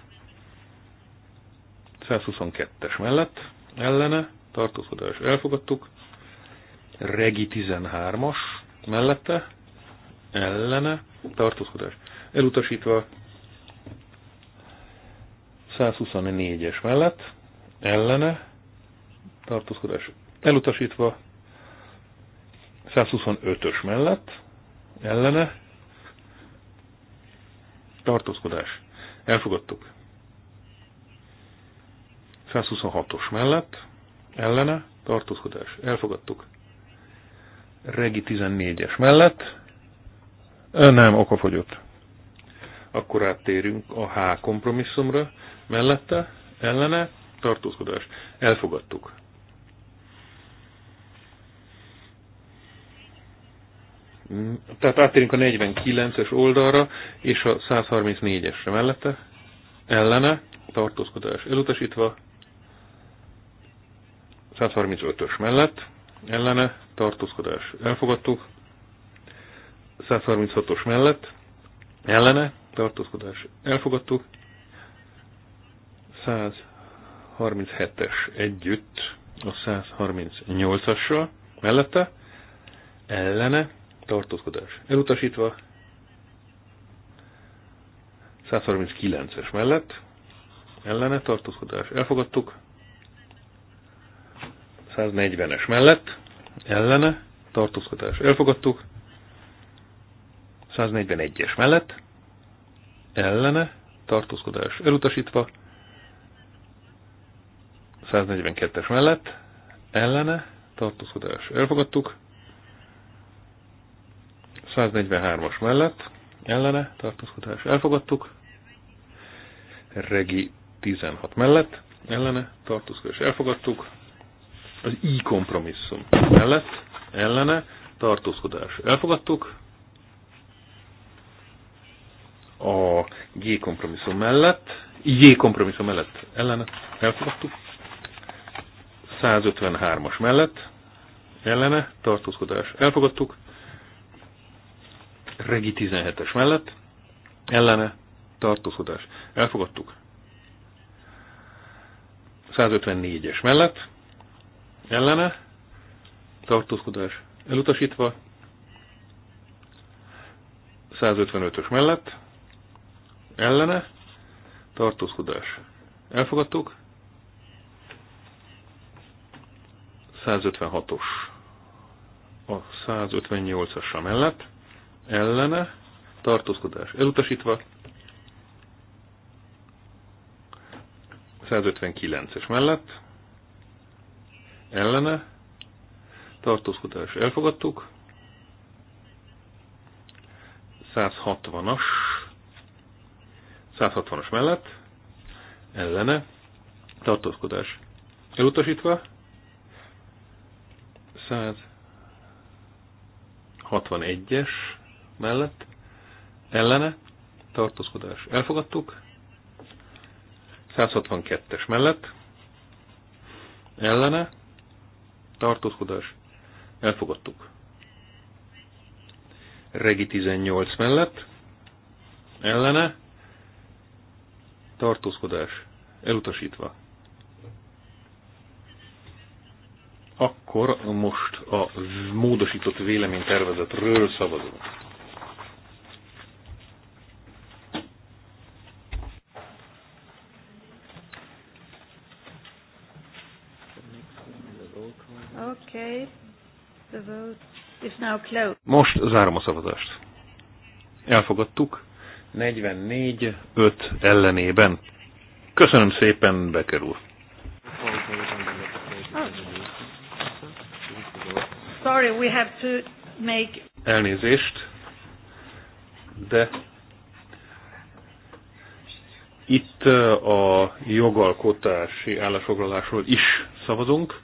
122-es mellett ellene tartózkodás elfogadtuk. Regi 13-as mellette ellene, tartózkodás elutasítva, 124-es mellett, ellene, tartózkodás elutasítva, 125-ös mellett, ellene, tartózkodás. Elfogadtuk. 126-os mellett, ellene, tartózkodás. Elfogadtuk. Regi 14-es mellett, nem, okafogyott. Akkor áttérünk a H kompromisszumra. Mellette, ellene, tartózkodás. Elfogadtuk. Mm, tehát áttérünk a 49-es oldalra, és a 134-esre mellette, ellene, tartózkodás elutasítva, 135-ös mellett, ellene, tartózkodás elfogadtuk, 136-os mellett ellene tartózkodás elfogadtuk. 137-es együtt a 138-assal mellette ellene tartózkodás elutasítva. 139-es mellett ellene tartózkodás elfogadtuk. 140-es mellett ellene tartózkodás elfogadtuk. 141-es mellett, ellene, tartózkodás elutasítva, 142-es mellett, ellene, tartózkodás elfogadtuk, 143-as mellett, ellene, tartózkodás elfogadtuk, regi 16 mellett, ellene, tartózkodás elfogadtuk, az i kompromisszum mellett, ellene, tartózkodás elfogadtuk, a G kompromisszum mellett, J kompromisszum mellett ellen elfogadtuk, 153-as mellett ellene tartózkodás elfogadtuk, Regi 17-es mellett ellene tartózkodás elfogadtuk, 154-es mellett ellene tartózkodás elutasítva, 155-ös mellett ellene, tartózkodás. Elfogadtuk. 156-os a 158-asra mellett, ellene, tartózkodás elutasítva, 159-es mellett, ellene, tartózkodás elfogadtuk, 160-as 160-as mellett, ellene, tartózkodás elutasítva, 161-es mellett, ellene, tartózkodás elfogadtuk, 162-es mellett, ellene, tartózkodás elfogadtuk. Regi 18 mellett, ellene, tartózkodás elutasítva. Akkor most a módosított véleménytervezetről szavazunk. Okay. The vote is now closed. Most zárom a szavazást. Elfogadtuk. 44-5 ellenében. Köszönöm szépen, Becker úr. Sorry, we have to make... Elnézést, de itt a jogalkotási állásfoglalásról is szavazunk,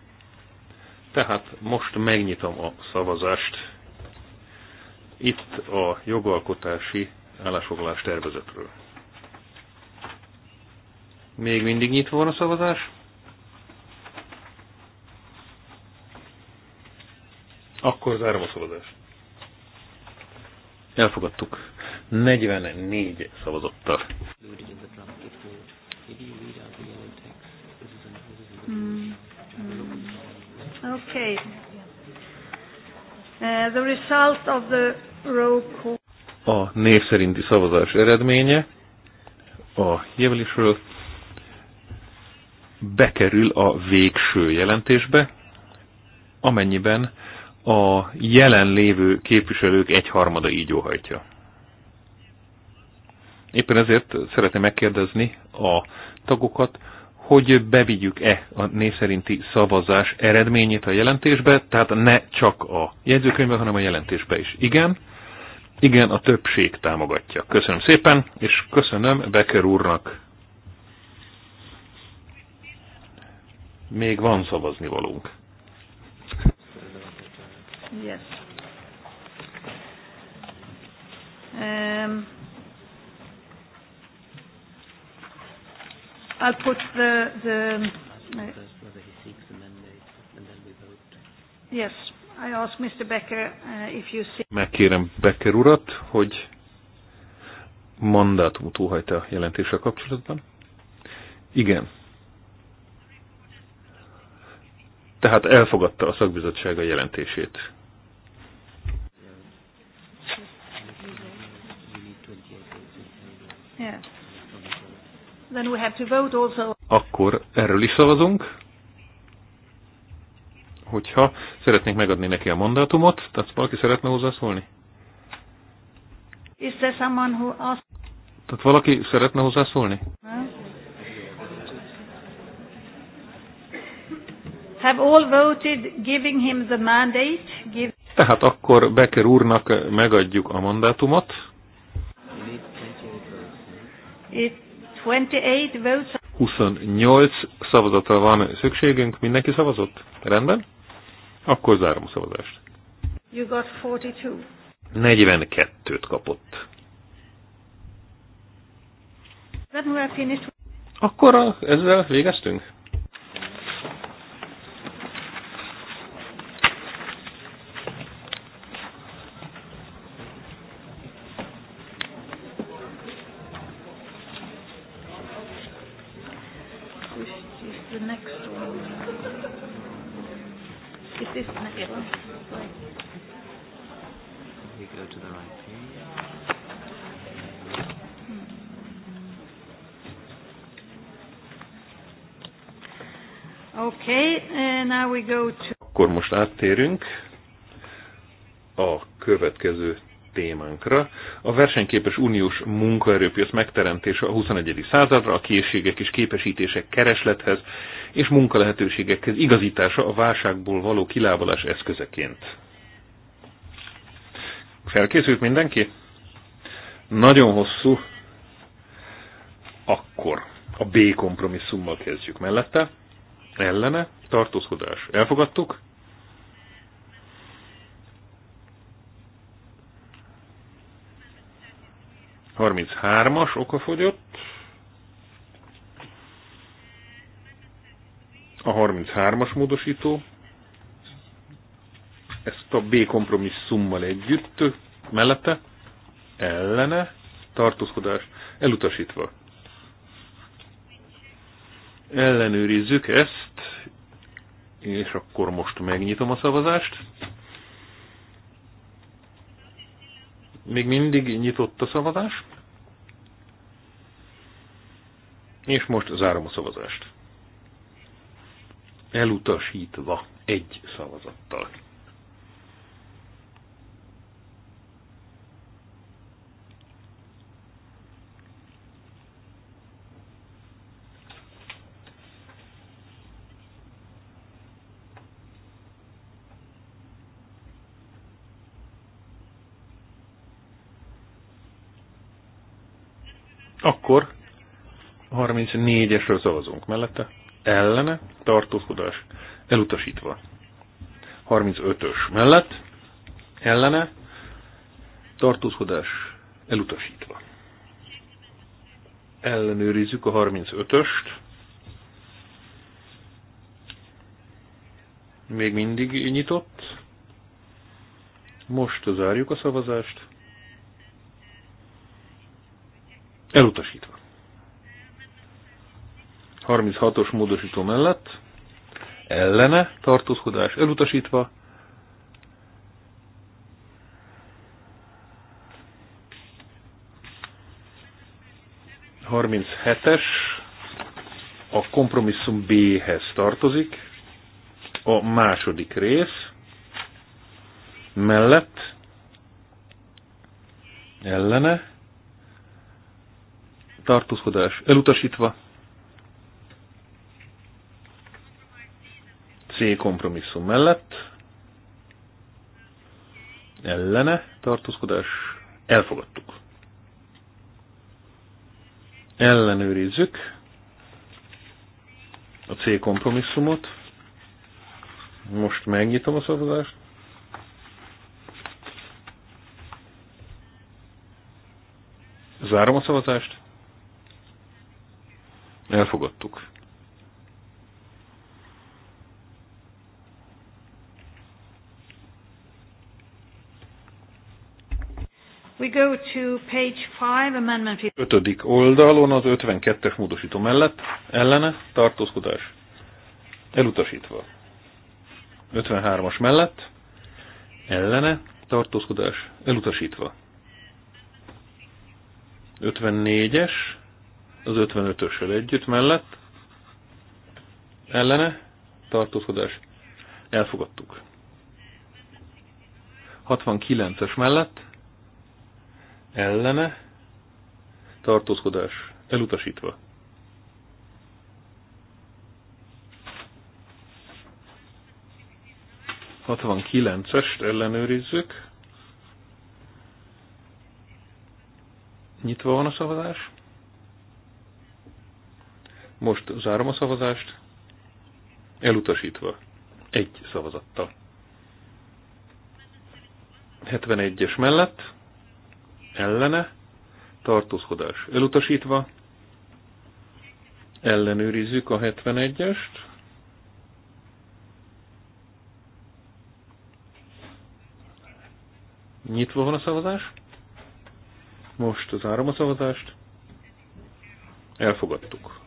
tehát most megnyitom a szavazást. Itt a jogalkotási állásfoglalás tervezetről. Még mindig nyitva van a szavazás? Akkor zárom a szavazást. Elfogadtuk. 44 szavazottal. Hmm. Hmm. Okay. Uh, the result of the roll call a név szerinti szavazás eredménye a jelölésről bekerül a végső jelentésbe, amennyiben a jelenlévő képviselők egyharmada így óhajtja. Éppen ezért szeretném megkérdezni a tagokat, hogy bevigyük-e a név szerinti szavazás eredményét a jelentésbe, tehát ne csak a jegyzőkönyvbe, hanem a jelentésbe is. Igen, igen, a többség támogatja. Köszönöm szépen, és köszönöm Becker úrnak. Még van szavazni valunk. Yes. Um, I'll put the, the uh, yes. Uh, Megkérem Becker urat, hogy mandátumot óhajt a jelentéssel kapcsolatban. Igen. Tehát elfogadta a szakbizottság a jelentését. Yeah. Then we have to vote also. Akkor erről is szavazunk hogyha szeretnék megadni neki a mandátumot, tehát valaki szeretne hozzászólni? Is there someone who asked? Tehát valaki szeretne hozzászólni? Have all voted giving him the mandate? Give... Tehát akkor Becker úrnak megadjuk a mandátumot. It 28 votes. 28 szavazatra van szükségünk. Mindenki szavazott? Rendben? Akkor zárom a szavazást. You got 42. 42-t kapott. Akkor ezzel végeztünk? áttérünk a következő témánkra. A versenyképes uniós munkaerőpiac megteremtése a 21. századra, a készségek és képesítések kereslethez és munkalehetőségekhez igazítása a válságból való kilábalás eszközeként. Felkészült mindenki? Nagyon hosszú. Akkor a B kompromisszummal kezdjük mellette. Ellene, tartózkodás. Elfogadtuk? 33-as okafogyott. A 33-as módosító. Ezt a B kompromisszummal együtt, mellette, ellene, tartózkodás, elutasítva. Ellenőrizzük ezt, és akkor most megnyitom a szavazást. Még mindig nyitott a szavazás. És most zárom a szavazást. Elutasítva egy szavazattal. Akkor 34-esről szavazunk mellette, ellene, tartózkodás, elutasítva. 35-ös mellett, ellene, tartózkodás, elutasítva. Ellenőrizzük a 35-öst. Még mindig nyitott. Most zárjuk a szavazást. Elutasítva. 36-os módosító mellett ellene tartózkodás elutasítva. es a kompromisszum B-hez tartozik, a második rész mellett ellene tartózkodás elutasítva. C kompromisszum mellett ellene tartózkodás elfogadtuk. Ellenőrizzük a C kompromisszumot. Most megnyitom a szavazást. Zárom a szavazást. Elfogadtuk. We go to page five, amendment. Ötödik oldalon az 52-es módosító mellett ellene tartózkodás elutasítva. 53-as mellett ellene tartózkodás elutasítva. 54-es az 55-ösről együtt mellett, ellene, tartózkodás, elfogadtuk. 69-es mellett, ellene, tartózkodás, elutasítva. kilencest ellenőrizzük. Nyitva van a szavazás. Most zárom a szavazást. Elutasítva. Egy szavazattal. 71-es mellett. Ellene. Tartózkodás. Elutasítva. Ellenőrizzük a 71-est. Nyitva van a szavazás. Most zárom a szavazást. Elfogadtuk.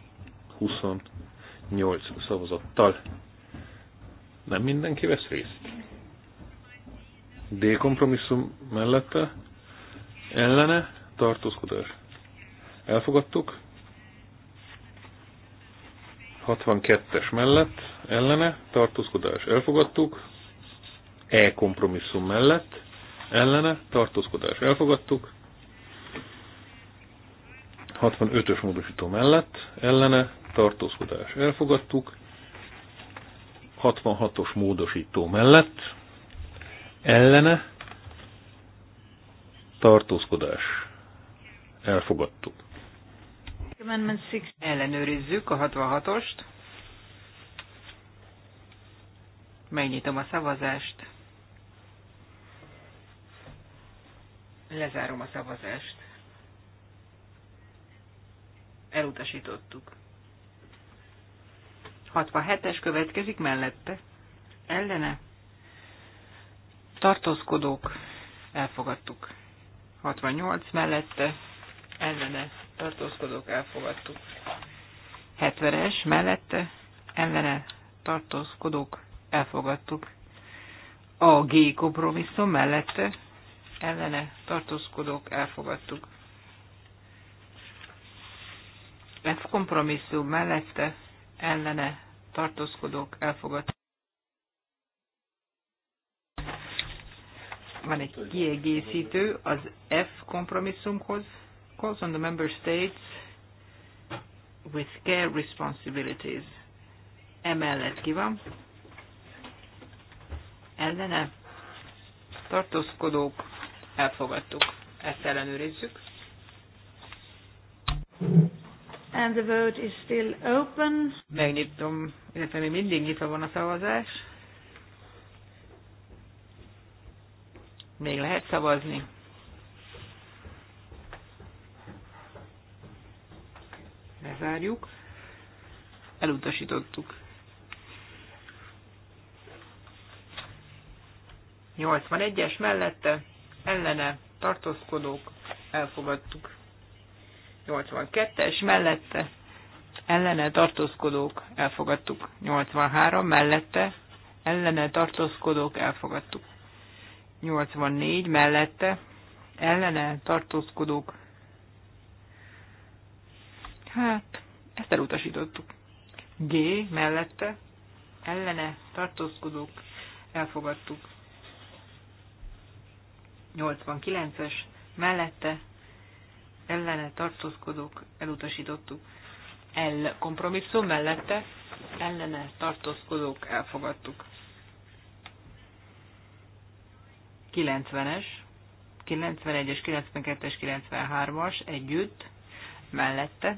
28 szavazattal. Nem mindenki vesz részt. D kompromisszum mellette ellene tartózkodás. Elfogadtuk. 62-es mellett ellene tartózkodás. Elfogadtuk. E kompromisszum mellett ellene tartózkodás. Elfogadtuk. 65-ös módosító mellett ellene tartózkodás elfogadtuk, 66-os módosító mellett, ellene tartózkodás elfogadtuk. Ellenőrizzük a 66-ost. Megnyitom a szavazást. Lezárom a szavazást. Elutasítottuk. 67-es következik mellette. Ellene. Tartózkodók. Elfogadtuk. 68 mellette. Ellene. Tartózkodók. Elfogadtuk. 70-es mellette. Ellene. Tartózkodók. Elfogadtuk. A G kompromisszum mellette. Ellene. Tartózkodók. Elfogadtuk. F kompromisszum mellette ellene tartózkodók elfogadt, Van egy kiegészítő az F kompromisszumhoz. Calls on the member states with care responsibilities. Emellett ki van. Ellene tartózkodók elfogadtuk. Ezt ellenőrizzük. And the vote is still open. Megnyitom, illetve még mindig nyitva van a szavazás. Még lehet szavazni. Lezárjuk. Elutasítottuk. 81-es mellette, ellene, tartózkodók, elfogadtuk. 82-es mellette ellene tartózkodók elfogadtuk. 83 mellette ellene tartózkodók elfogadtuk. 84 mellette ellene tartózkodók. Hát, ezt elutasítottuk. G mellette ellene tartózkodók elfogadtuk. 89-es mellette ellene tartózkodók elutasítottuk. El kompromisszum mellette ellene tartózkodók elfogadtuk. 90-es, 91-es, 92-es, 93-as együtt, mellette,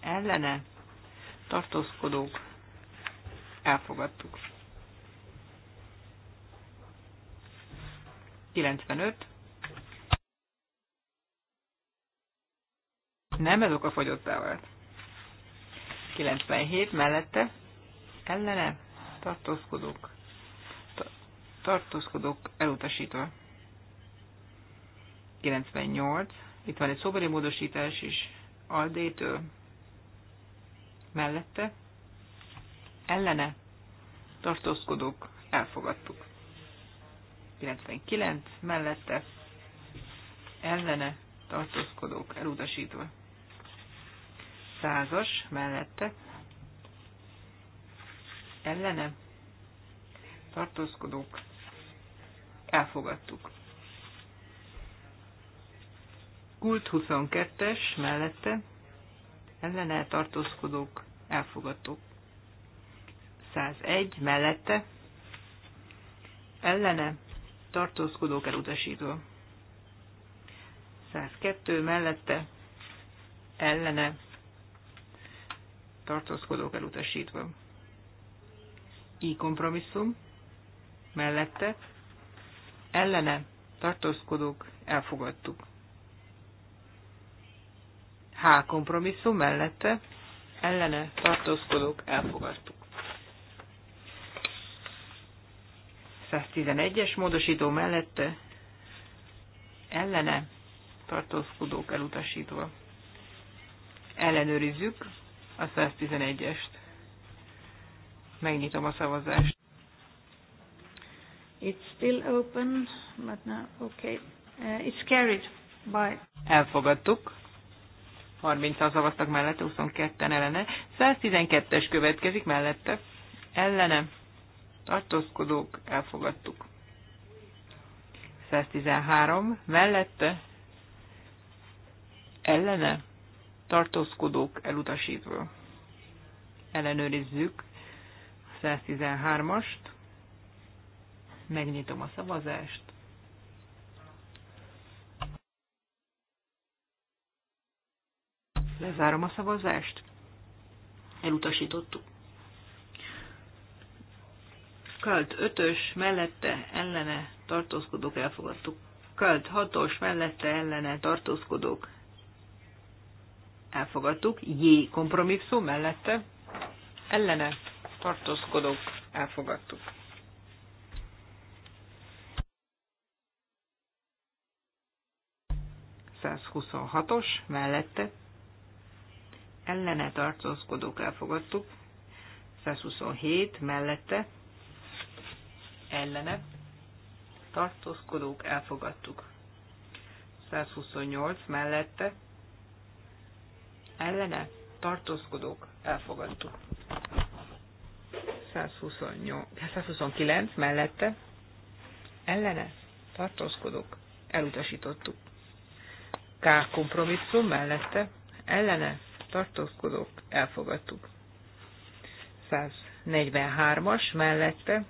ellene tartózkodók elfogadtuk. 95 Nem, ez fagyott vált. 97 mellette ellene tartózkodók tartózkodók elutasítva. 98. Itt van egy szobori módosítás is Aldétől. Mellette ellene tartózkodók elfogadtuk. 99. Mellette ellene tartózkodók elutasítva. 100-as mellette ellene tartózkodók elfogadtuk. Kult 22-es mellette ellene tartózkodók elfogadtuk. 101 mellette ellene tartózkodók elutasító. 102 mellette ellene tartózkodók elutasítva. I kompromisszum, mellette, ellene, tartózkodók elfogadtuk. H kompromisszum mellette, ellene tartózkodók elfogadtuk. 111-es módosító mellette, ellene tartózkodók elutasítva. Ellenőrizzük, a 111-est. Megnyitom a szavazást. It's still open, but now, okay. Uh, it's carried by... Elfogadtuk. 30-an szavaztak mellette, 22-en ellene. 112-es következik mellette. Ellene. Tartózkodók, elfogadtuk. 113 mellette. Ellene tartózkodók elutasítva. Ellenőrizzük a 113-ast, megnyitom a szavazást, lezárom a szavazást, elutasítottuk. Kalt 5-ös mellette ellene tartózkodók elfogadtuk. Kalt 6-os mellette ellene tartózkodók elfogadtuk, J kompromisszum mellette, ellene tartózkodók, elfogadtuk. os mellette, ellene tartózkodók, elfogadtuk, 127 mellette, ellene tartózkodók, elfogadtuk. 128 mellette, ellene tartózkodók elfogadtuk. 128, 129 mellette ellene tartózkodók elutasítottuk. K kompromisszum mellette ellene tartózkodók elfogadtuk. 143-as mellette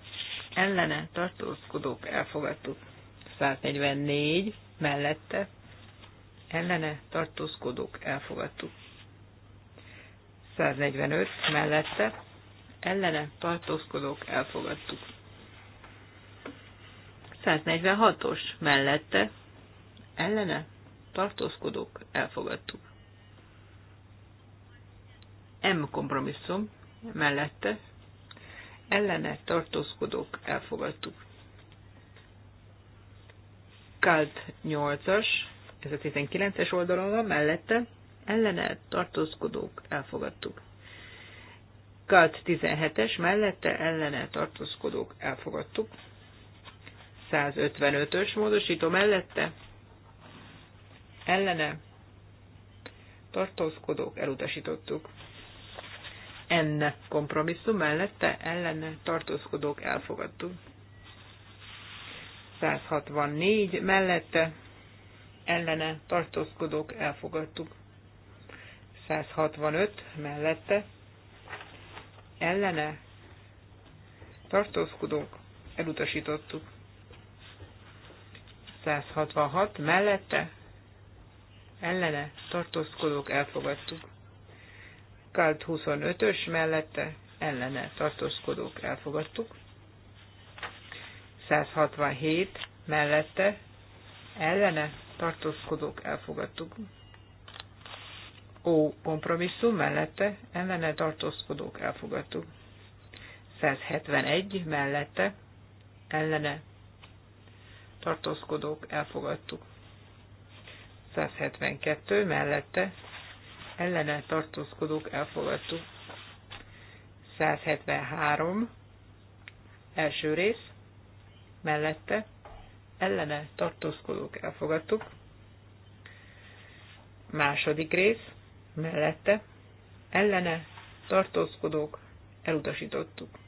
ellene tartózkodók elfogadtuk. 144 mellette ellene tartózkodók elfogadtuk. 145 mellette ellene tartózkodók elfogadtuk. 146-os mellette ellene tartózkodók elfogadtuk. M kompromisszum mellette ellene tartózkodók elfogadtuk. Kalt 8-as, ez a 19-es oldalon van, mellette ellene tartózkodók elfogadtuk. Kalt 17-es mellette ellene tartózkodók elfogadtuk. 155-ös módosító mellette ellene tartózkodók elutasítottuk. Enne kompromisszum mellette ellene tartózkodók elfogadtuk. 164 mellette ellene tartózkodók elfogadtuk. 165 mellette ellene tartózkodók elutasítottuk. 166 mellette ellene tartózkodók elfogadtuk. Kalt 25-ös mellette ellene tartózkodók elfogadtuk. 167 mellette ellene tartózkodók elfogadtuk ó kompromisszum mellette ellene tartózkodók elfogadtuk. 171 mellette ellene tartózkodók elfogadtuk. 172 mellette ellene tartózkodók elfogadtuk. 173 első rész mellette ellene tartózkodók elfogadtuk. Második rész mellette, ellene, tartózkodók, elutasítottuk.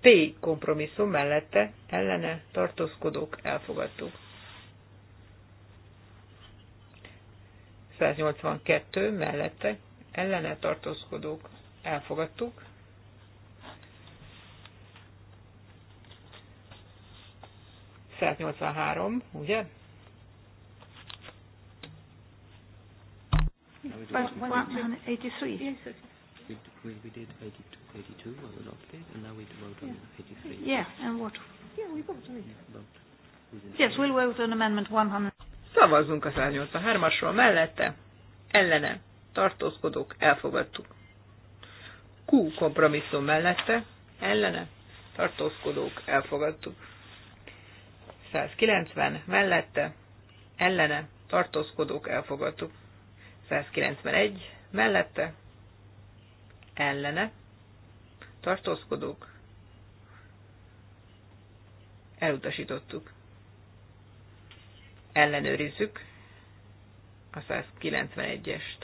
P kompromisszum mellette, ellene, tartózkodók, elfogadtuk. 182 mellette, ellene tartózkodók, elfogadtuk. 183, ugye? 183. Yes, we, we did 82, 82 last adopted, and now we vote on yeah. 83. Yeah, and what? Yeah, we vote on it. Yes, we'll vote on amendment 100. Szavazzunk az 183-asról mellette, ellene, tartózkodók, elfogadtuk. Q kompromisszum mellette, ellene, tartózkodók, elfogadtuk. 190 mellette, ellene, tartózkodók, elfogadtuk. 191 mellette ellene tartózkodók elutasítottuk. Ellenőrizzük a 191-est.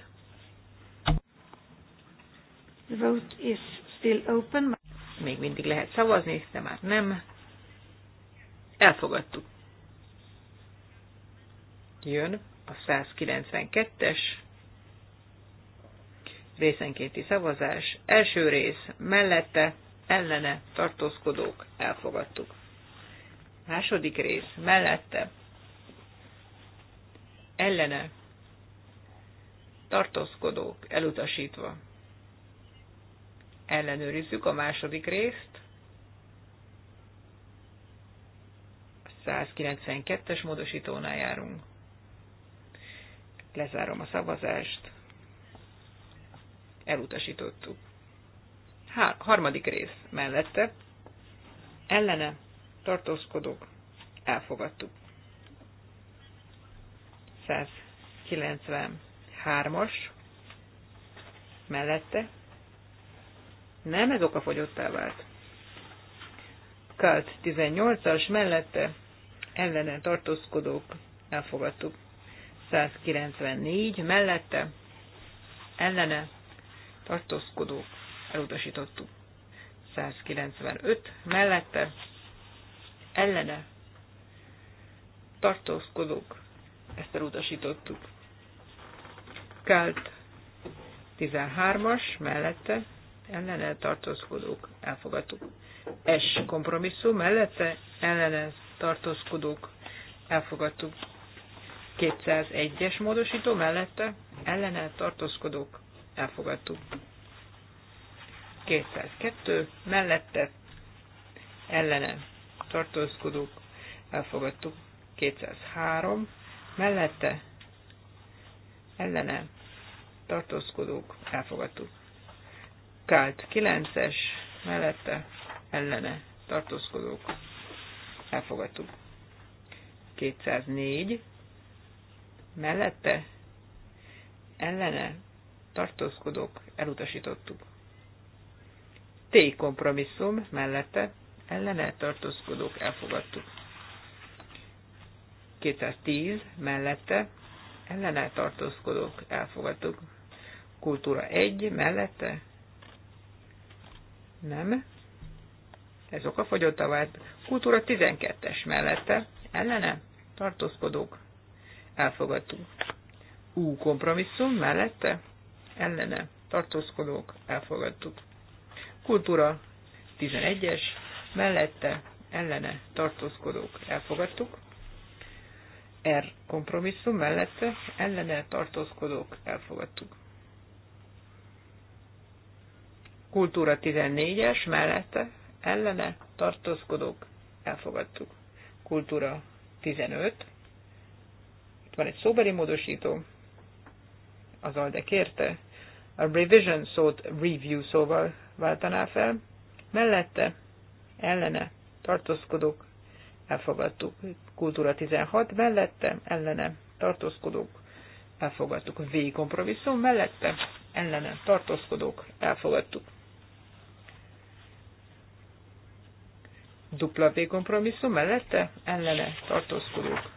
The vote is still open. Még mindig lehet szavazni, de már nem. Elfogadtuk. Jön a 192-es részenkénti szavazás. Első rész mellette ellene tartózkodók elfogadtuk. Második rész mellette ellene tartózkodók elutasítva. Ellenőrizzük a második részt. 192-es módosítónál járunk. Lezárom a szavazást elutasítottuk. Há, harmadik rész mellette ellene tartózkodók elfogadtuk. 193-as mellette nem, ez fogyottá vált. Kalt 18-as mellette ellene tartózkodók elfogadtuk. 194 mellette ellene tartózkodók elutasítottuk. 195 mellette ellene tartózkodók ezt elutasítottuk. Kelt 13-as mellette ellene tartózkodók elfogadtuk. S kompromisszum mellette ellene tartózkodók elfogadtuk. 201-es módosító mellette ellene tartózkodók elfogadtuk. 202 mellette ellene tartózkodók elfogadtuk. 203 mellette ellene tartózkodók elfogadtuk. Kált 9-es mellette ellene tartózkodók elfogadtuk. 204 mellette ellene tartózkodók, elutasítottuk. T kompromisszum mellette ellene tartózkodók, elfogadtuk. 210 mellette ellene tartózkodók, elfogadtuk. Kultúra 1 mellette nem. Ez fogyott vált. Kultúra 12-es mellette ellene tartózkodók, elfogadtuk. U kompromisszum mellette ellene tartózkodók elfogadtuk. Kultúra 11-es, mellette ellene tartózkodók elfogadtuk. R kompromisszum mellette ellene tartózkodók elfogadtuk. Kultúra 14-es mellette ellene tartózkodók elfogadtuk. Kultúra 15. Itt van egy szóbeli módosító. Az alde kérte, a revision szót review szóval váltaná fel, mellette, ellene, tartózkodók, elfogadtuk. Kultúra 16, mellette, ellene, tartózkodók, elfogadtuk. V kompromisszum, mellette, ellene, tartózkodók, elfogadtuk. Dupla V kompromisszum, mellette, ellene, tartózkodók,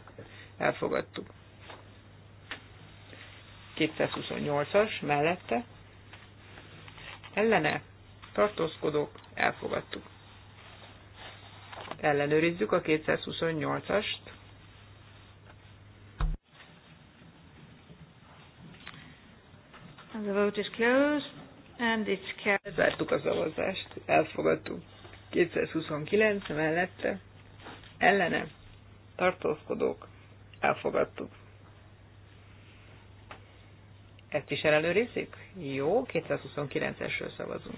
elfogadtuk. 228-as mellette ellene tartózkodók elfogadtuk. Ellenőrizzük a 228-ast. The vote is closed and it's carried. Zártuk a szavazást, elfogadtuk. 229 mellette ellene tartózkodók elfogadtuk. Ezt is ellenőrizzük? Jó, 229-esről szavazunk.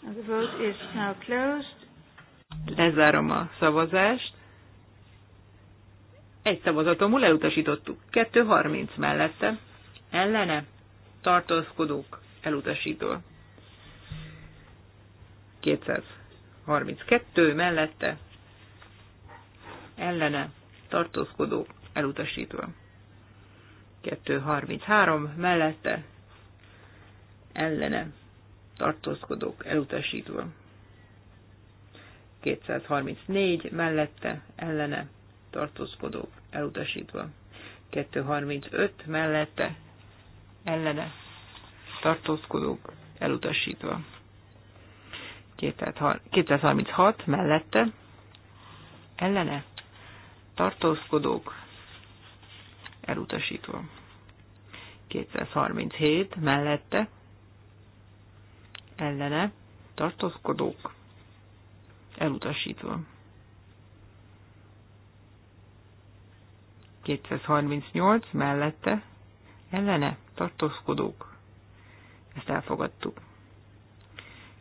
The vote is now closed. Lezárom a szavazást. Egy szavazatomul elutasítottuk. 2.30 mellette. Ellene. Tartózkodók. Elutasító. 232 mellette. Ellene. Tartózkodók elutasítva. 233 mellette ellene tartózkodók elutasítva. 234 mellette ellene tartózkodók elutasítva. 235 mellette ellene tartózkodók elutasítva. 236 mellette ellene tartózkodók elutasítva. 237 mellette ellene tartózkodók elutasítva. 238 mellette ellene tartózkodók. Ezt elfogadtuk.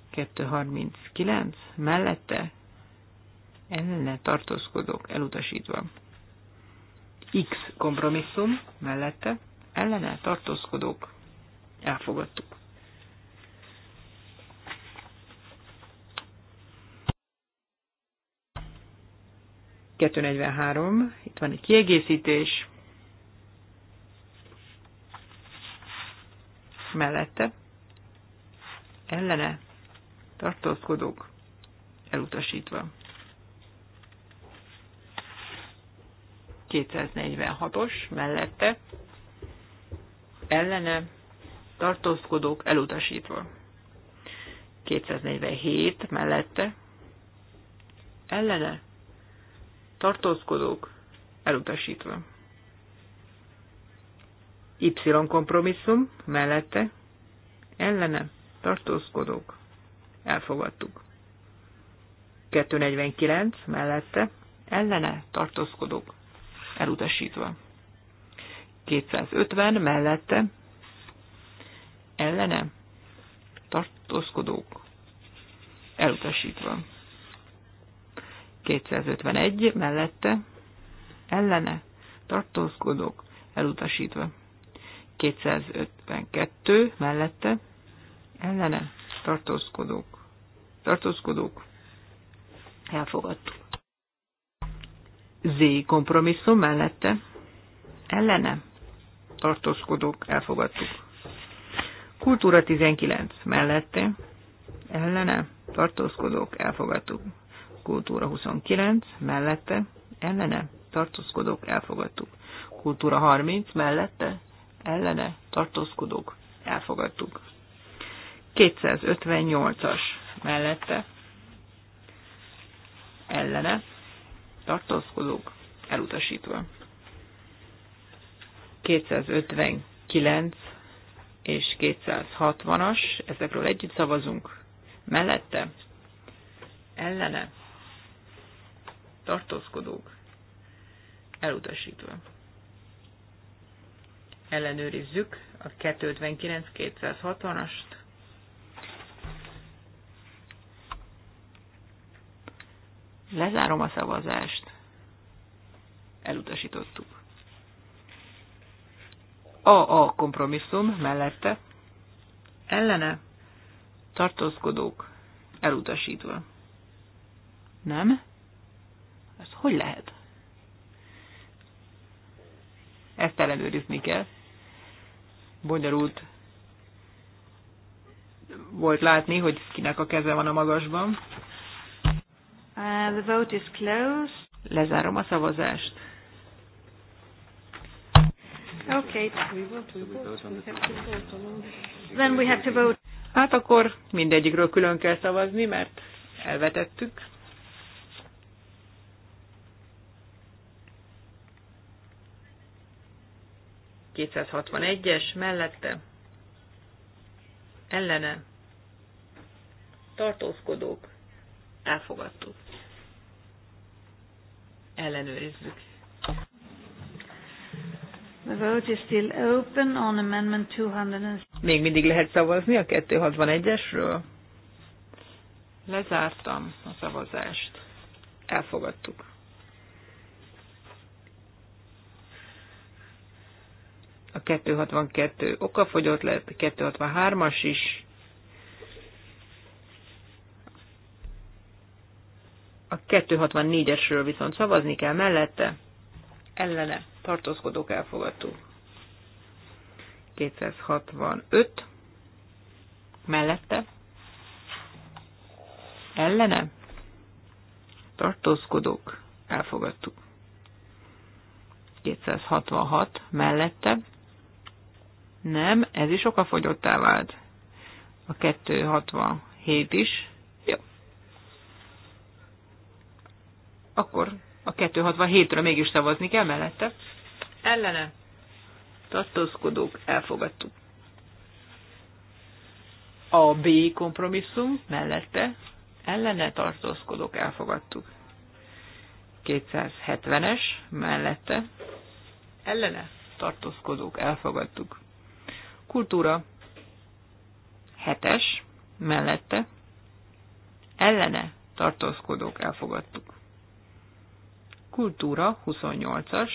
239 mellette ellene tartózkodók elutasítva. X kompromisszum mellette ellene tartózkodók elfogadtuk. Kettőnegyvenhárom, itt van egy kiegészítés, mellette ellene tartózkodók elutasítva. 246-os mellette ellene tartózkodók elutasítva. 247 mellette ellene tartózkodók elutasítva. Y kompromisszum mellette ellene tartózkodók elfogadtuk. 249 mellette ellene tartózkodók elutasítva. 250 mellette ellene tartózkodók elutasítva. 251 mellette ellene tartózkodók elutasítva. 252 mellette ellene tartózkodók, tartózkodók elfogadtuk. Z kompromisszum mellette ellene tartózkodók elfogadtuk. Kultúra 19 mellette ellene tartózkodók elfogadtuk. Kultúra 29 mellette ellene tartózkodók elfogadtuk. Kultúra 30 mellette ellene tartózkodók elfogadtuk. 258-as mellette ellene tartózkodók elutasítva. 259 és 260-as, ezekről együtt szavazunk, mellette, ellene, tartózkodók elutasítva. Ellenőrizzük a 259-260-ast, Lezárom a szavazást. Elutasítottuk. A-a kompromisszum mellette. Ellene tartózkodók elutasítva. Nem? Ez hogy lehet? Ezt ellenőrizni kell. Bonyolult volt látni, hogy kinek a keze van a magasban. Uh, the vote is closed. Lezárom a szavazást. Okay. Then we have to vote. Hát akkor mindegyikről külön kell szavazni, mert elvetettük. es mellette ellene tartózkodók elfogadtuk ellenőrizzük. The vote is still open on amendment 200. Még mindig lehet szavazni a 261-esről? Lezártam a szavazást. Elfogadtuk. A 262 okafogyott lett, 263-as is. A 264-esről viszont szavazni kell mellette, ellene tartózkodók elfogadtuk. 265 mellette, ellene tartózkodók elfogadtuk. 266 mellette nem, ez is okafogyottá vált. A 267 is akkor a 267-ről mégis szavazni kell mellette. Ellene tartózkodók elfogadtuk. A B kompromisszum mellette ellene tartózkodók elfogadtuk. 270-es mellette ellene tartózkodók elfogadtuk. Kultúra 7-es mellette ellene tartózkodók elfogadtuk. Kultúra 28-as,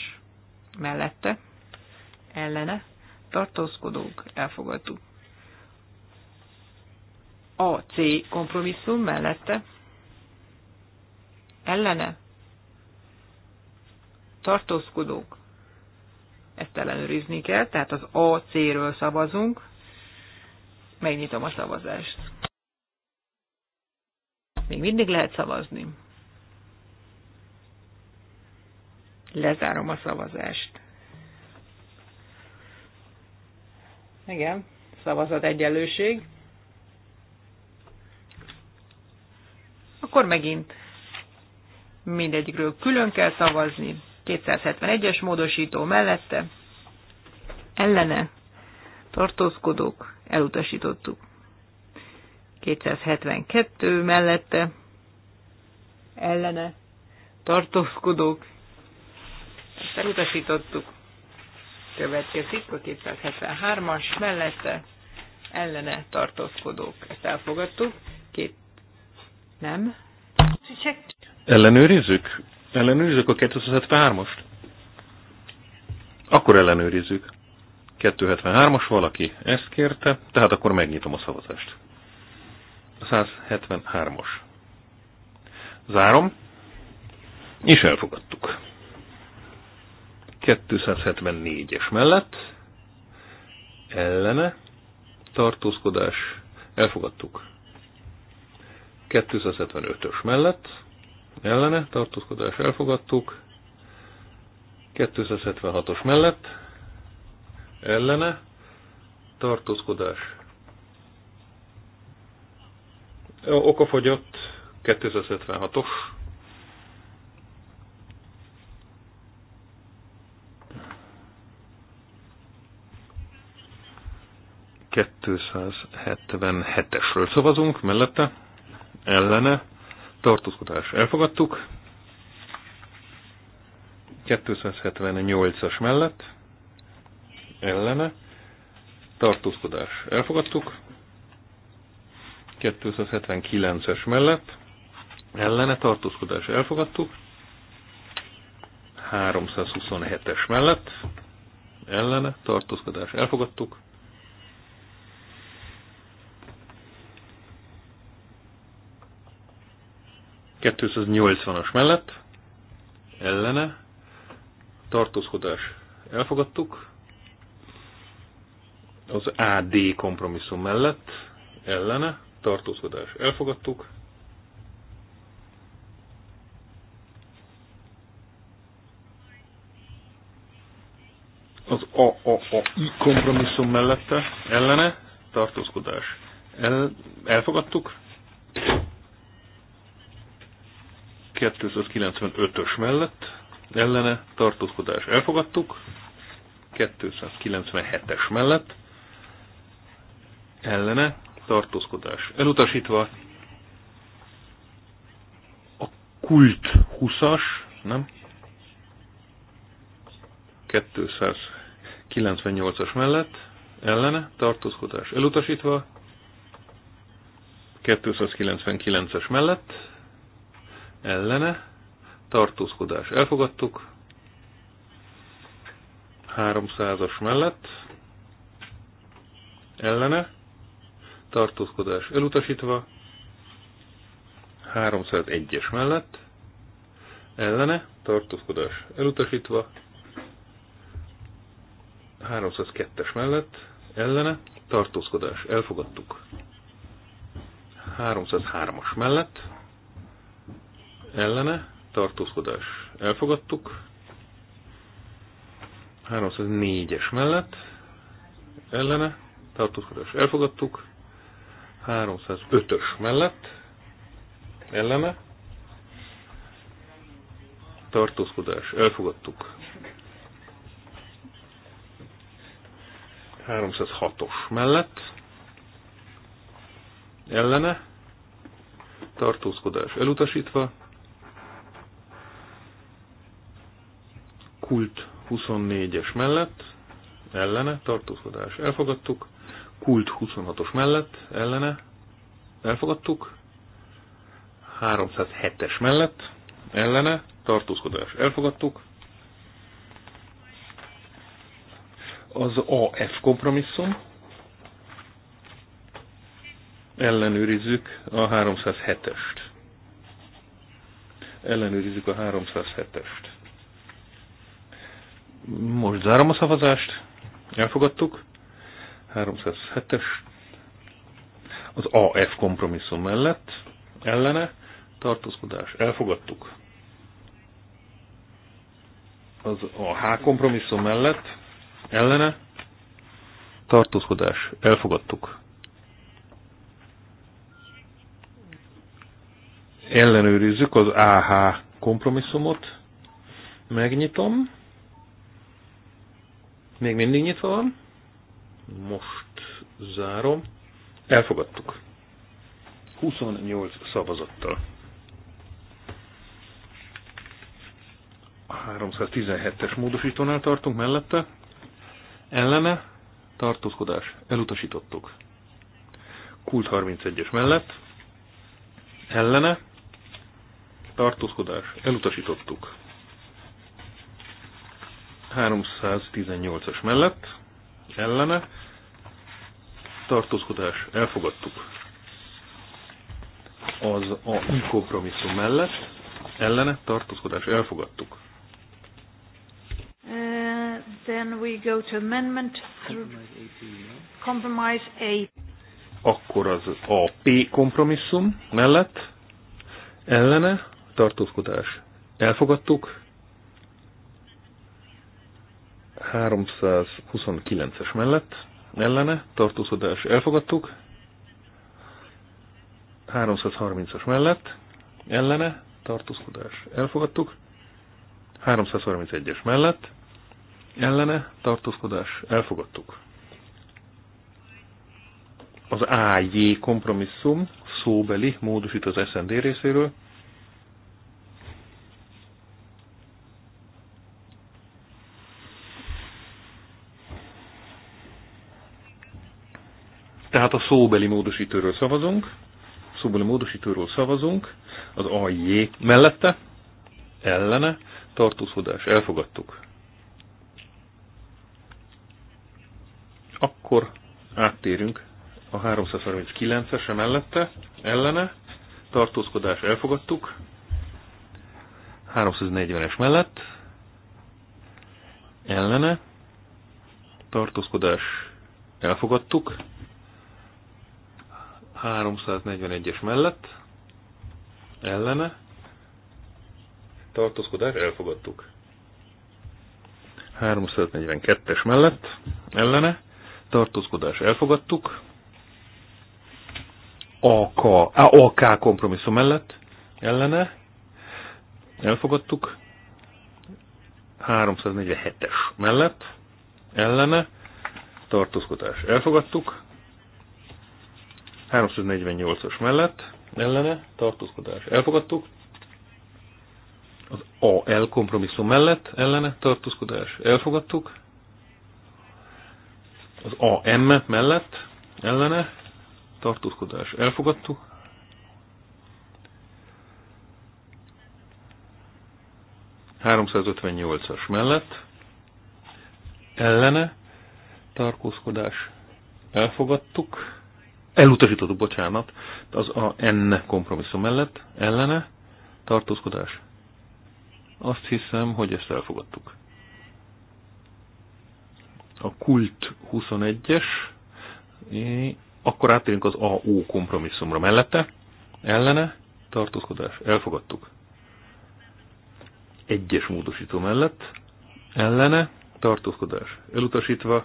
mellette, ellene, tartózkodók, elfogadtuk. A C kompromisszum mellette, ellene, tartózkodók, ezt ellenőrizni kell, tehát az A c ről szavazunk, megnyitom a szavazást. Még mindig lehet szavazni. Lezárom a szavazást. Igen, szavazat egyenlőség. Akkor megint mindegyikről külön kell szavazni. 271-es módosító mellette. Ellene tartózkodók elutasítottuk. 272 mellette ellene tartózkodók ezt elutasítottuk. Következik a 273-as mellette ellene tartózkodók. Ezt elfogadtuk. Két... Nem. Ellenőrizzük? Ellenőrizzük a 273-ast? Akkor ellenőrizzük. 273-as valaki ezt kérte, tehát akkor megnyitom a szavazást. 173-as. Zárom, és elfogadtuk. 274-es mellett ellene tartózkodás elfogadtuk. 275-ös mellett ellene tartózkodás elfogadtuk. 276-os mellett ellene tartózkodás okafogyott 276-os 277-esről szavazunk, mellette, ellene, tartózkodás elfogadtuk, 278-as mellett, ellene, tartózkodás elfogadtuk, 279-es mellett, ellene, tartózkodás elfogadtuk, 327-es mellett, ellene, tartózkodás elfogadtuk, 280-as mellett ellene tartózkodás elfogadtuk. Az AD kompromisszum mellett ellene tartózkodás elfogadtuk. Az AAAI kompromisszum mellette ellene tartózkodás el, elfogadtuk. 295-ös mellett ellene tartózkodás elfogadtuk, 297-es mellett ellene tartózkodás elutasítva, a kult 20-as, nem? 298-as mellett ellene tartózkodás elutasítva, 299-es mellett ellene, tartózkodás elfogadtuk, 300-as mellett, ellene, tartózkodás elutasítva, 301-es mellett, ellene, tartózkodás elutasítva, 302-es mellett, ellene, tartózkodás elfogadtuk. 303-as mellett, ellene, tartózkodás elfogadtuk. 304-es mellett, ellene, tartózkodás elfogadtuk. 305-ös mellett, ellene, tartózkodás elfogadtuk. 306-os mellett, ellene, tartózkodás elutasítva, Kult 24-es mellett, ellene, tartózkodás elfogadtuk. Kult 26-os mellett, ellene, elfogadtuk. 307-es mellett, ellene, tartózkodás elfogadtuk. Az AF kompromisszum, ellenőrizzük a 307-est. Ellenőrizzük a 307-est. Most zárom a szavazást. Elfogadtuk. 307-es. Az AF kompromisszum mellett ellene tartózkodás. Elfogadtuk. Az AH kompromisszum mellett ellene tartózkodás. Elfogadtuk. Ellenőrizzük az AH kompromisszumot. Megnyitom. Még mindig nyitva van. Most zárom. Elfogadtuk. 28 szavazattal. 317-es módosítónál tartunk mellette. Ellene tartózkodás. Elutasítottuk. Kult 31-es mellett. Ellene tartózkodás. Elutasítottuk. 318-as mellett ellene tartózkodás elfogadtuk. Az a kompromisszum mellett ellene tartózkodás elfogadtuk. Uh, then we go to amendment through compromise A. Akkor az a P kompromisszum mellett ellene tartózkodás elfogadtuk. 329-es mellett ellene tartózkodás elfogadtuk, 330-as mellett ellene tartózkodás elfogadtuk, 331-es mellett ellene tartózkodás elfogadtuk. Az AJ kompromisszum szóbeli módosít az SND részéről, Tehát a szóbeli módosítőről szavazunk, szóbeli módosítóról szavazunk, az AJ mellette, ellene, tartózkodás, elfogadtuk. Akkor áttérünk a 339-ese mellette, ellene, tartózkodás, elfogadtuk. 340-es mellett, ellene, tartózkodás, elfogadtuk. 341-es mellett ellene tartózkodás elfogadtuk. 342-es mellett ellene tartózkodás elfogadtuk. AK, AK kompromisszum mellett ellene elfogadtuk. 347-es mellett ellene tartózkodás elfogadtuk. 348-as mellett ellene tartózkodás elfogadtuk. Az AL kompromisszum mellett ellene tartózkodás elfogadtuk. Az AM mellett ellene tartózkodás elfogadtuk. ...358-as mellett ellene tartózkodás elfogadtuk elutasítottuk, bocsánat, az a N kompromisszum mellett ellene tartózkodás. Azt hiszem, hogy ezt elfogadtuk. A kult 21-es, akkor áttérünk az AO kompromisszumra mellette, ellene tartózkodás. Elfogadtuk. Egyes módosító mellett, ellene tartózkodás. Elutasítva,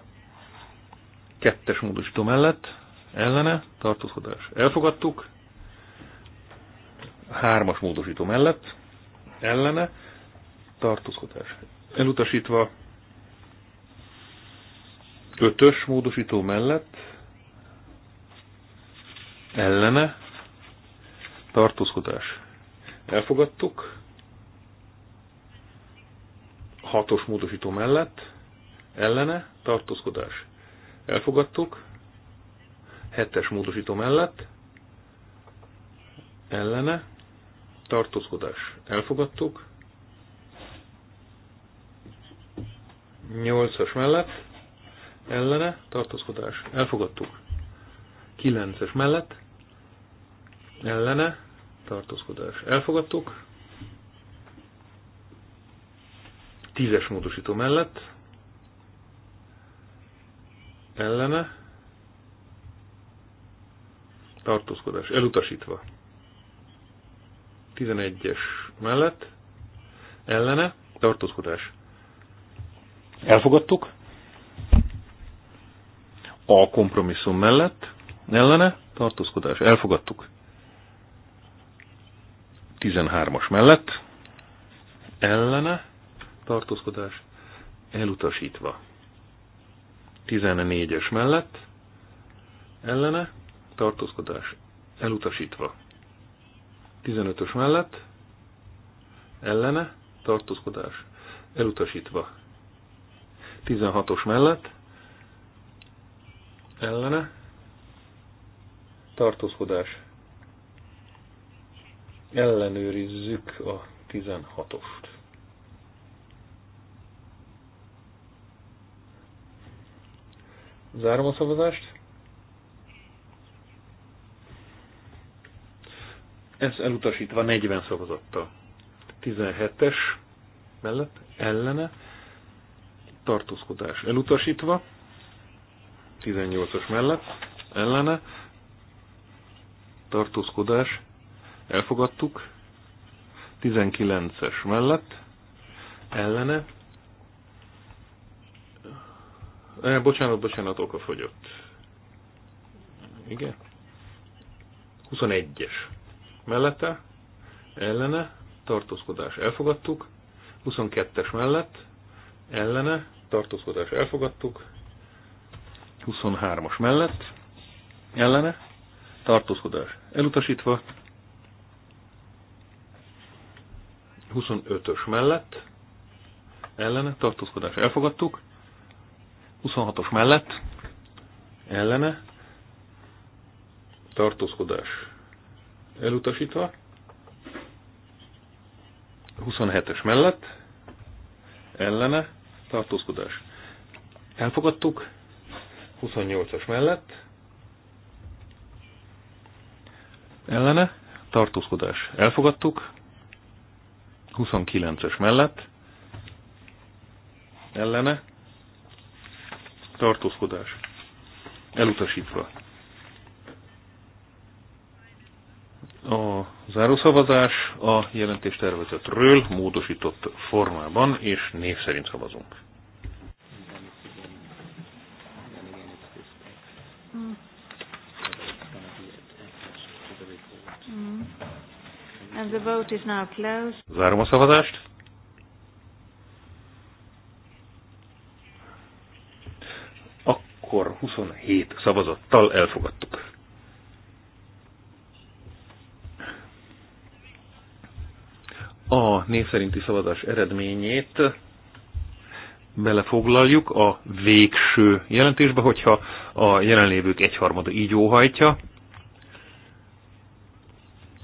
kettes módosító mellett, ellene, tartózkodás elfogadtuk, hármas módosító mellett, ellene, tartózkodás elutasítva, ötös módosító mellett, ellene, tartózkodás elfogadtuk, hatos módosító mellett, ellene, tartózkodás elfogadtuk, hetes módosító mellett ellene tartózkodás elfogadtuk. 8-as mellett ellene tartózkodás elfogadtuk. 9-es mellett ellene tartózkodás elfogadtuk. 10-es módosító mellett ellene tartózkodás elutasítva. 11-es mellett ellene tartózkodás. Elfogadtuk. A kompromisszum mellett ellene tartózkodás. Elfogadtuk. 13-as mellett ellene tartózkodás elutasítva. 14-es mellett ellene tartózkodás elutasítva. 15-ös mellett ellene tartózkodás elutasítva. 16-os mellett ellene tartózkodás ellenőrizzük a 16-ost. Zárom a szavazást. Ez elutasítva 40 szavazattal. 17-es mellett ellene tartózkodás elutasítva, 18-as mellett ellene tartózkodás elfogadtuk, 19-es mellett ellene eh, bocsánat, bocsánat, oka fogyott. Igen. 21-es mellette, ellene, tartózkodás elfogadtuk, 22-es mellett, ellene, tartózkodás elfogadtuk, 23-as mellett, ellene, tartózkodás elutasítva, 25-ös mellett, ellene, tartózkodás elfogadtuk, 26-os mellett, ellene, tartózkodás elutasítva. 27-es mellett ellene tartózkodás. Elfogadtuk. 28-as mellett ellene tartózkodás. Elfogadtuk. 29-es mellett ellene tartózkodás. Elutasítva. a zárószavazás a jelentés tervezetről módosított formában, és név szerint szavazunk. Mm. And the vote is now closed. Zárom a szavazást. Akkor 27 szavazattal elfogadtuk. a név szerinti szavazás eredményét belefoglaljuk a végső jelentésbe, hogyha a jelenlévők egyharmada így óhajtja.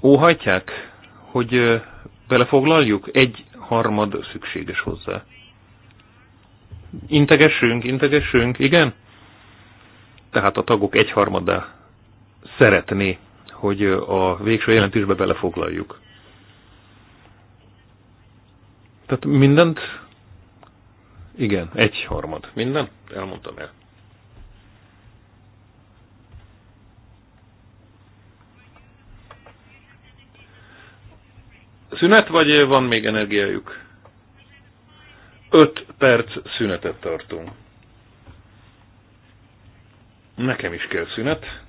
Óhajtják, hogy belefoglaljuk? Egy harmad szükséges hozzá. Integessünk, integessünk, igen? Tehát a tagok egyharmada szeretné, hogy a végső jelentésbe belefoglaljuk. Tehát mindent, igen, egy harmad. Minden? Elmondtam el. Szünet, vagy van még energiájuk? 5 perc szünetet tartunk. Nekem is kell szünet.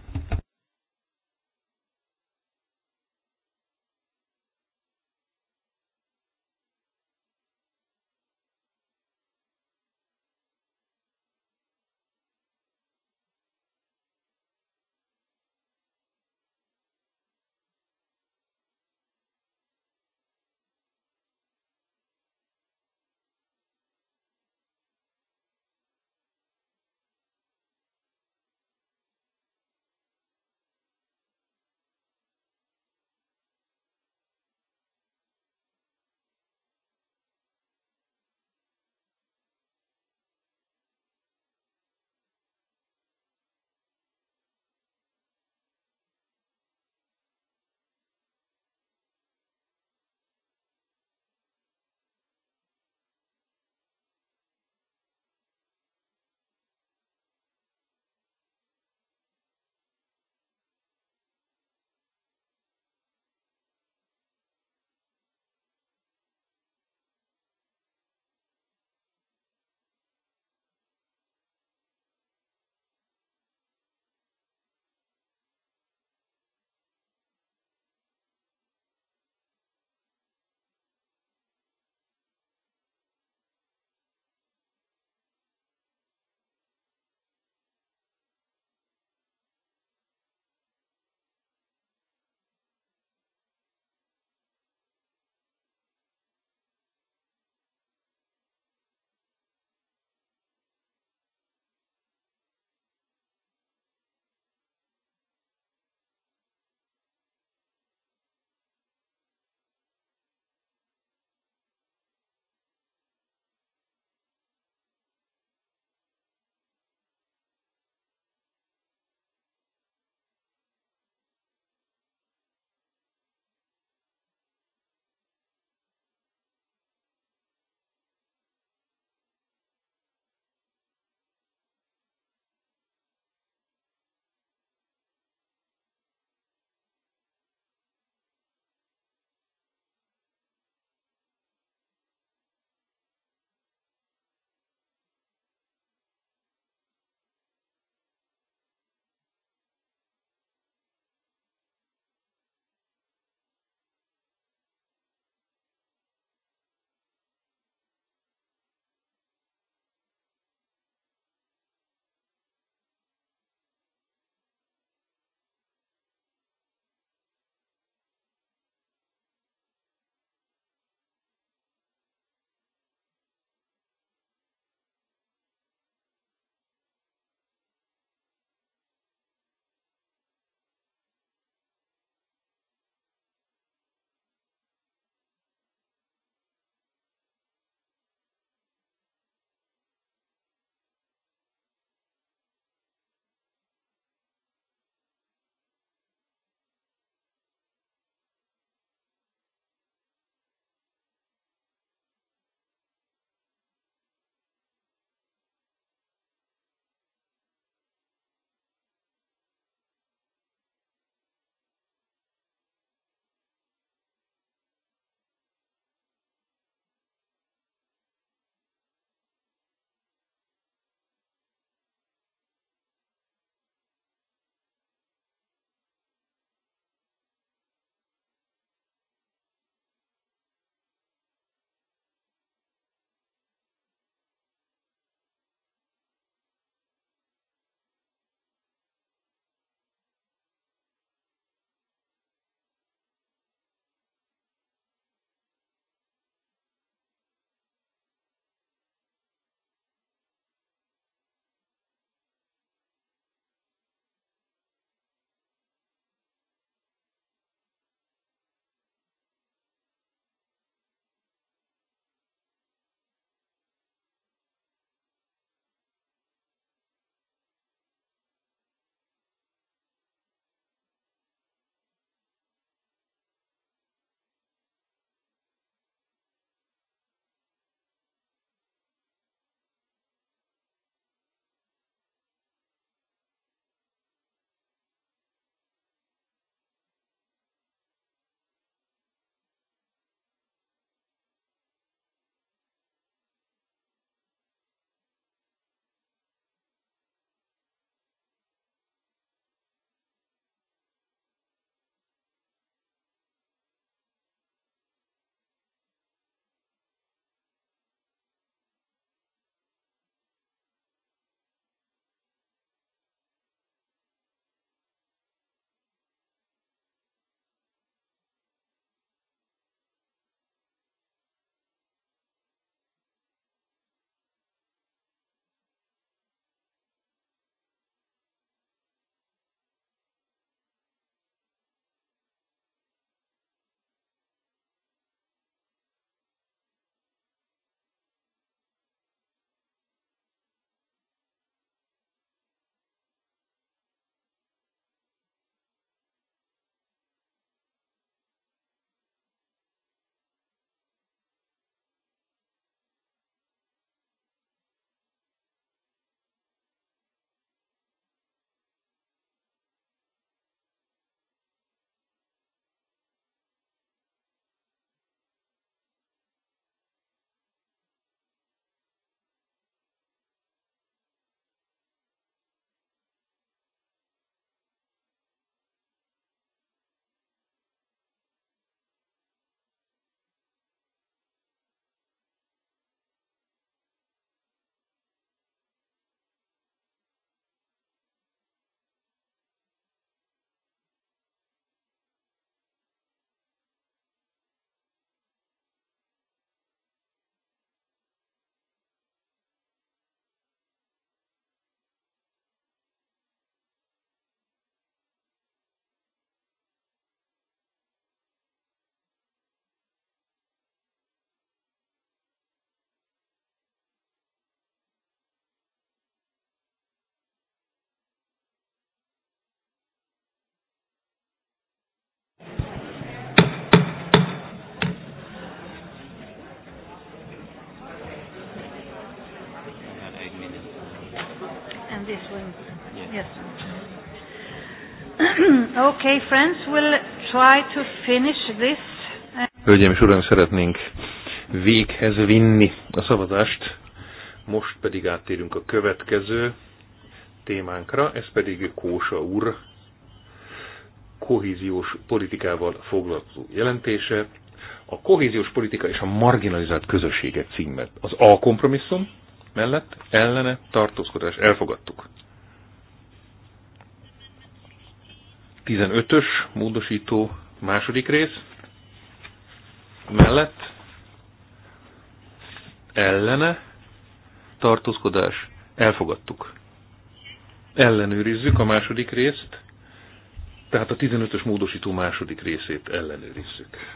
Yes. okay, friends, we'll try to finish this. Hölgyeim és uraim, szeretnénk véghez vinni a szavazást. Most pedig áttérünk a következő témánkra, ez pedig Kósa úr kohéziós politikával foglalkozó jelentése, a kohéziós politika és a marginalizált közösségek címet Az A kompromisszum mellett ellene tartózkodás elfogadtuk. 15-ös módosító második rész mellett ellene tartózkodás elfogadtuk. Ellenőrizzük a második részt, tehát a 15-ös módosító második részét ellenőrizzük.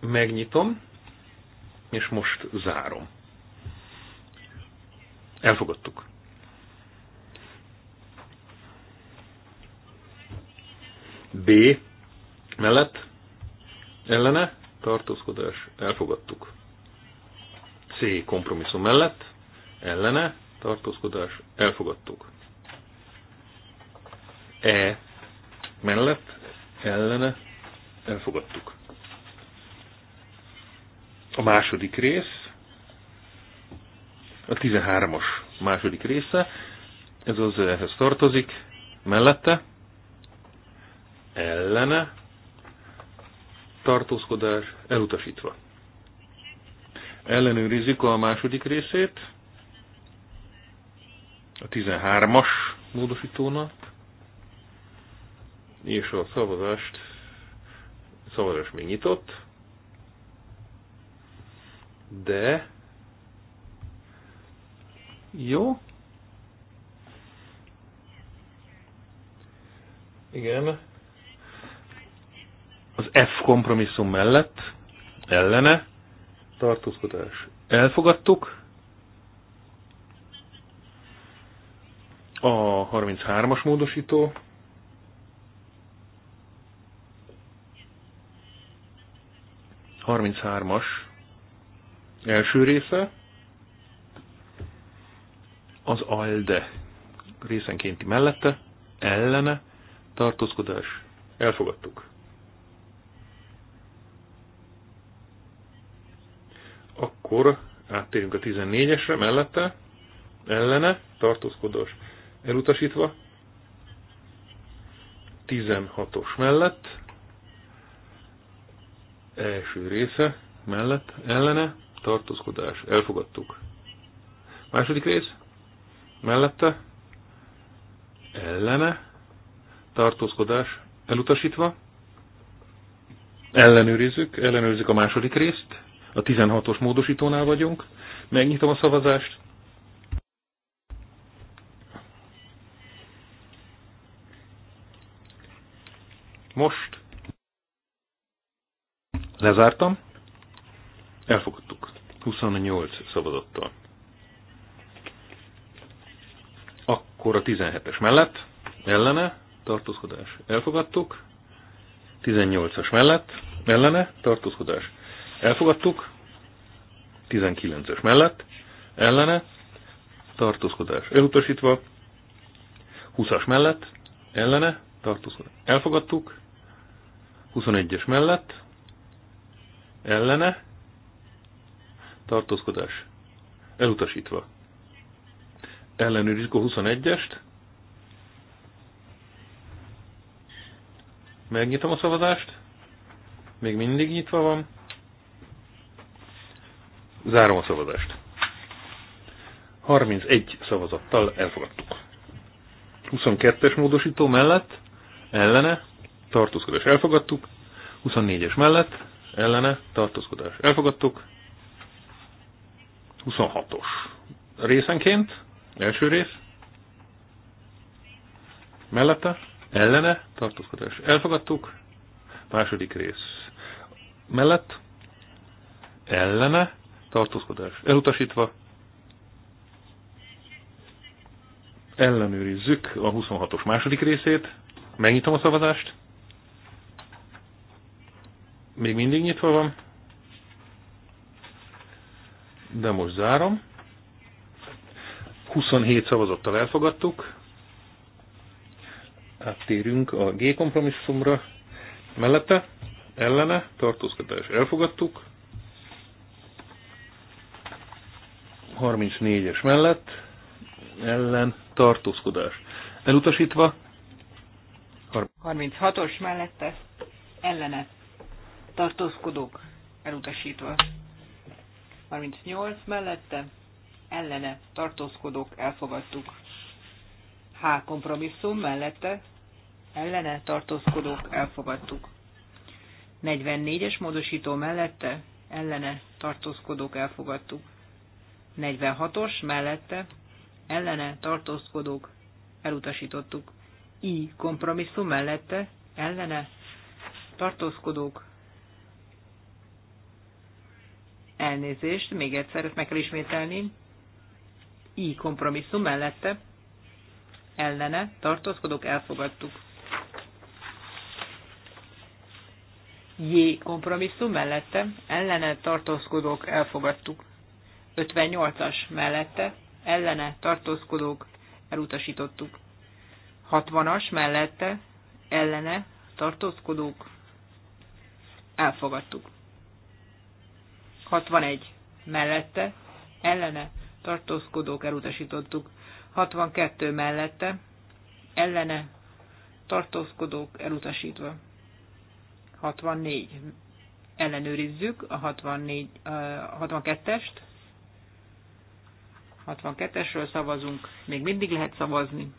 Megnyitom, és most zárom. Elfogadtuk. B mellett ellene tartózkodás elfogadtuk. C kompromisszum mellett ellene tartózkodás elfogadtuk. E mellett ellene elfogadtuk. A második rész, a 13-as második része, ez az ehhez tartozik, mellette ellene, tartózkodás elutasítva. Ellenőrizzük a második részét, a 13-as módosítónak, és a szavazást, a szavazás még nyitott, de jó, Igen. F kompromisszum mellett ellene tartózkodás. Elfogadtuk. A 33-as módosító. as első része az ALDE részenkénti mellette, ellene, tartózkodás. Elfogadtuk. Akkor áttérünk a 14-esre, mellette, ellene, tartózkodás elutasítva, 16-os mellett, első része mellett, ellene, tartózkodás, elfogadtuk. Második rész, mellette, ellene, tartózkodás, elutasítva, ellenőrizzük, ellenőrizzük a második részt, a 16-os módosítónál vagyunk. Megnyitom a szavazást. Most lezártam, elfogadtuk. 28 szavazattal. Akkor a 17-es mellett, ellene, tartózkodás, elfogadtuk. 18-as mellett, ellene, tartózkodás, Elfogadtuk. 19 ös mellett. Ellene. Tartózkodás elutasítva. 20-as mellett. Ellene. Tartózkodás. Elfogadtuk. 21-es mellett. Ellene. Tartózkodás elutasítva. Ellenőrizzük a 21-est. Megnyitom a szavazást. Még mindig nyitva van. Zárom a szavazást. 31 szavazattal elfogadtuk. 22-es módosító mellett, ellene, tartózkodás elfogadtuk. 24-es mellett, ellene, tartózkodás elfogadtuk. 26-os részenként, első rész, mellette, ellene, tartózkodás elfogadtuk. Második rész mellett, ellene, tartózkodás elutasítva. Ellenőrizzük a 26-os második részét. Megnyitom a szavazást. Még mindig nyitva van. De most zárom. 27 szavazattal elfogadtuk. Áttérünk a G kompromisszumra. Mellette, ellene, tartózkodás elfogadtuk. 34-es mellett ellen tartózkodás. Elutasítva 36-os mellette ellene tartózkodók elutasítva. 38 mellette ellene tartózkodók elfogadtuk. H kompromisszum mellette ellene tartózkodók elfogadtuk. 44-es módosító mellette ellene tartózkodók elfogadtuk. 46-os mellette ellene tartózkodók elutasítottuk. I kompromisszum mellette ellene tartózkodók elnézést, még egyszer ezt meg kell ismételni. I kompromisszum mellette ellene tartózkodók elfogadtuk. J kompromisszum mellette ellene tartózkodók elfogadtuk. 58-as mellette ellene tartózkodók elutasítottuk. 60-as mellette ellene tartózkodók elfogadtuk. 61 mellette ellene tartózkodók elutasítottuk. 62 mellette ellene tartózkodók elutasítva. 64 ellenőrizzük a 64, a 62-est. 62-esről szavazunk, még mindig lehet szavazni.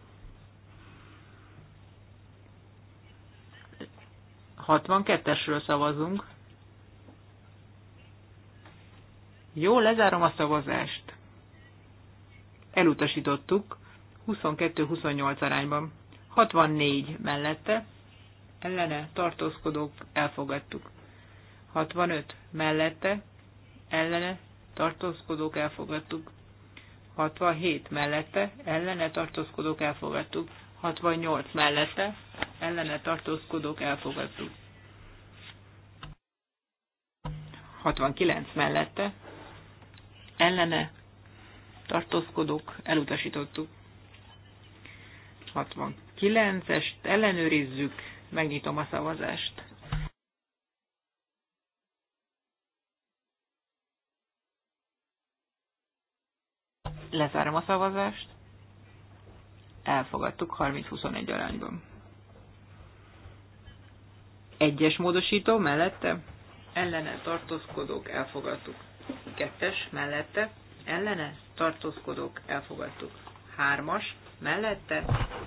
62-esről szavazunk. Jó, lezárom a szavazást. Elutasítottuk 22-28 arányban. 64 mellette, ellene tartózkodók elfogadtuk. 65 mellette, ellene tartózkodók elfogadtuk. 67 mellette, ellene tartózkodók elfogadtuk. 68 mellette, ellene tartózkodók elfogadtuk. 69 mellette, ellene tartózkodók elutasítottuk. 69-est ellenőrizzük, megnyitom a szavazást. Lezárom a szavazást. Elfogadtuk 30-21 arányban. Egyes módosító mellette ellene tartózkodók elfogadtuk. Kettes mellette ellene tartózkodók elfogadtuk. Hármas mellette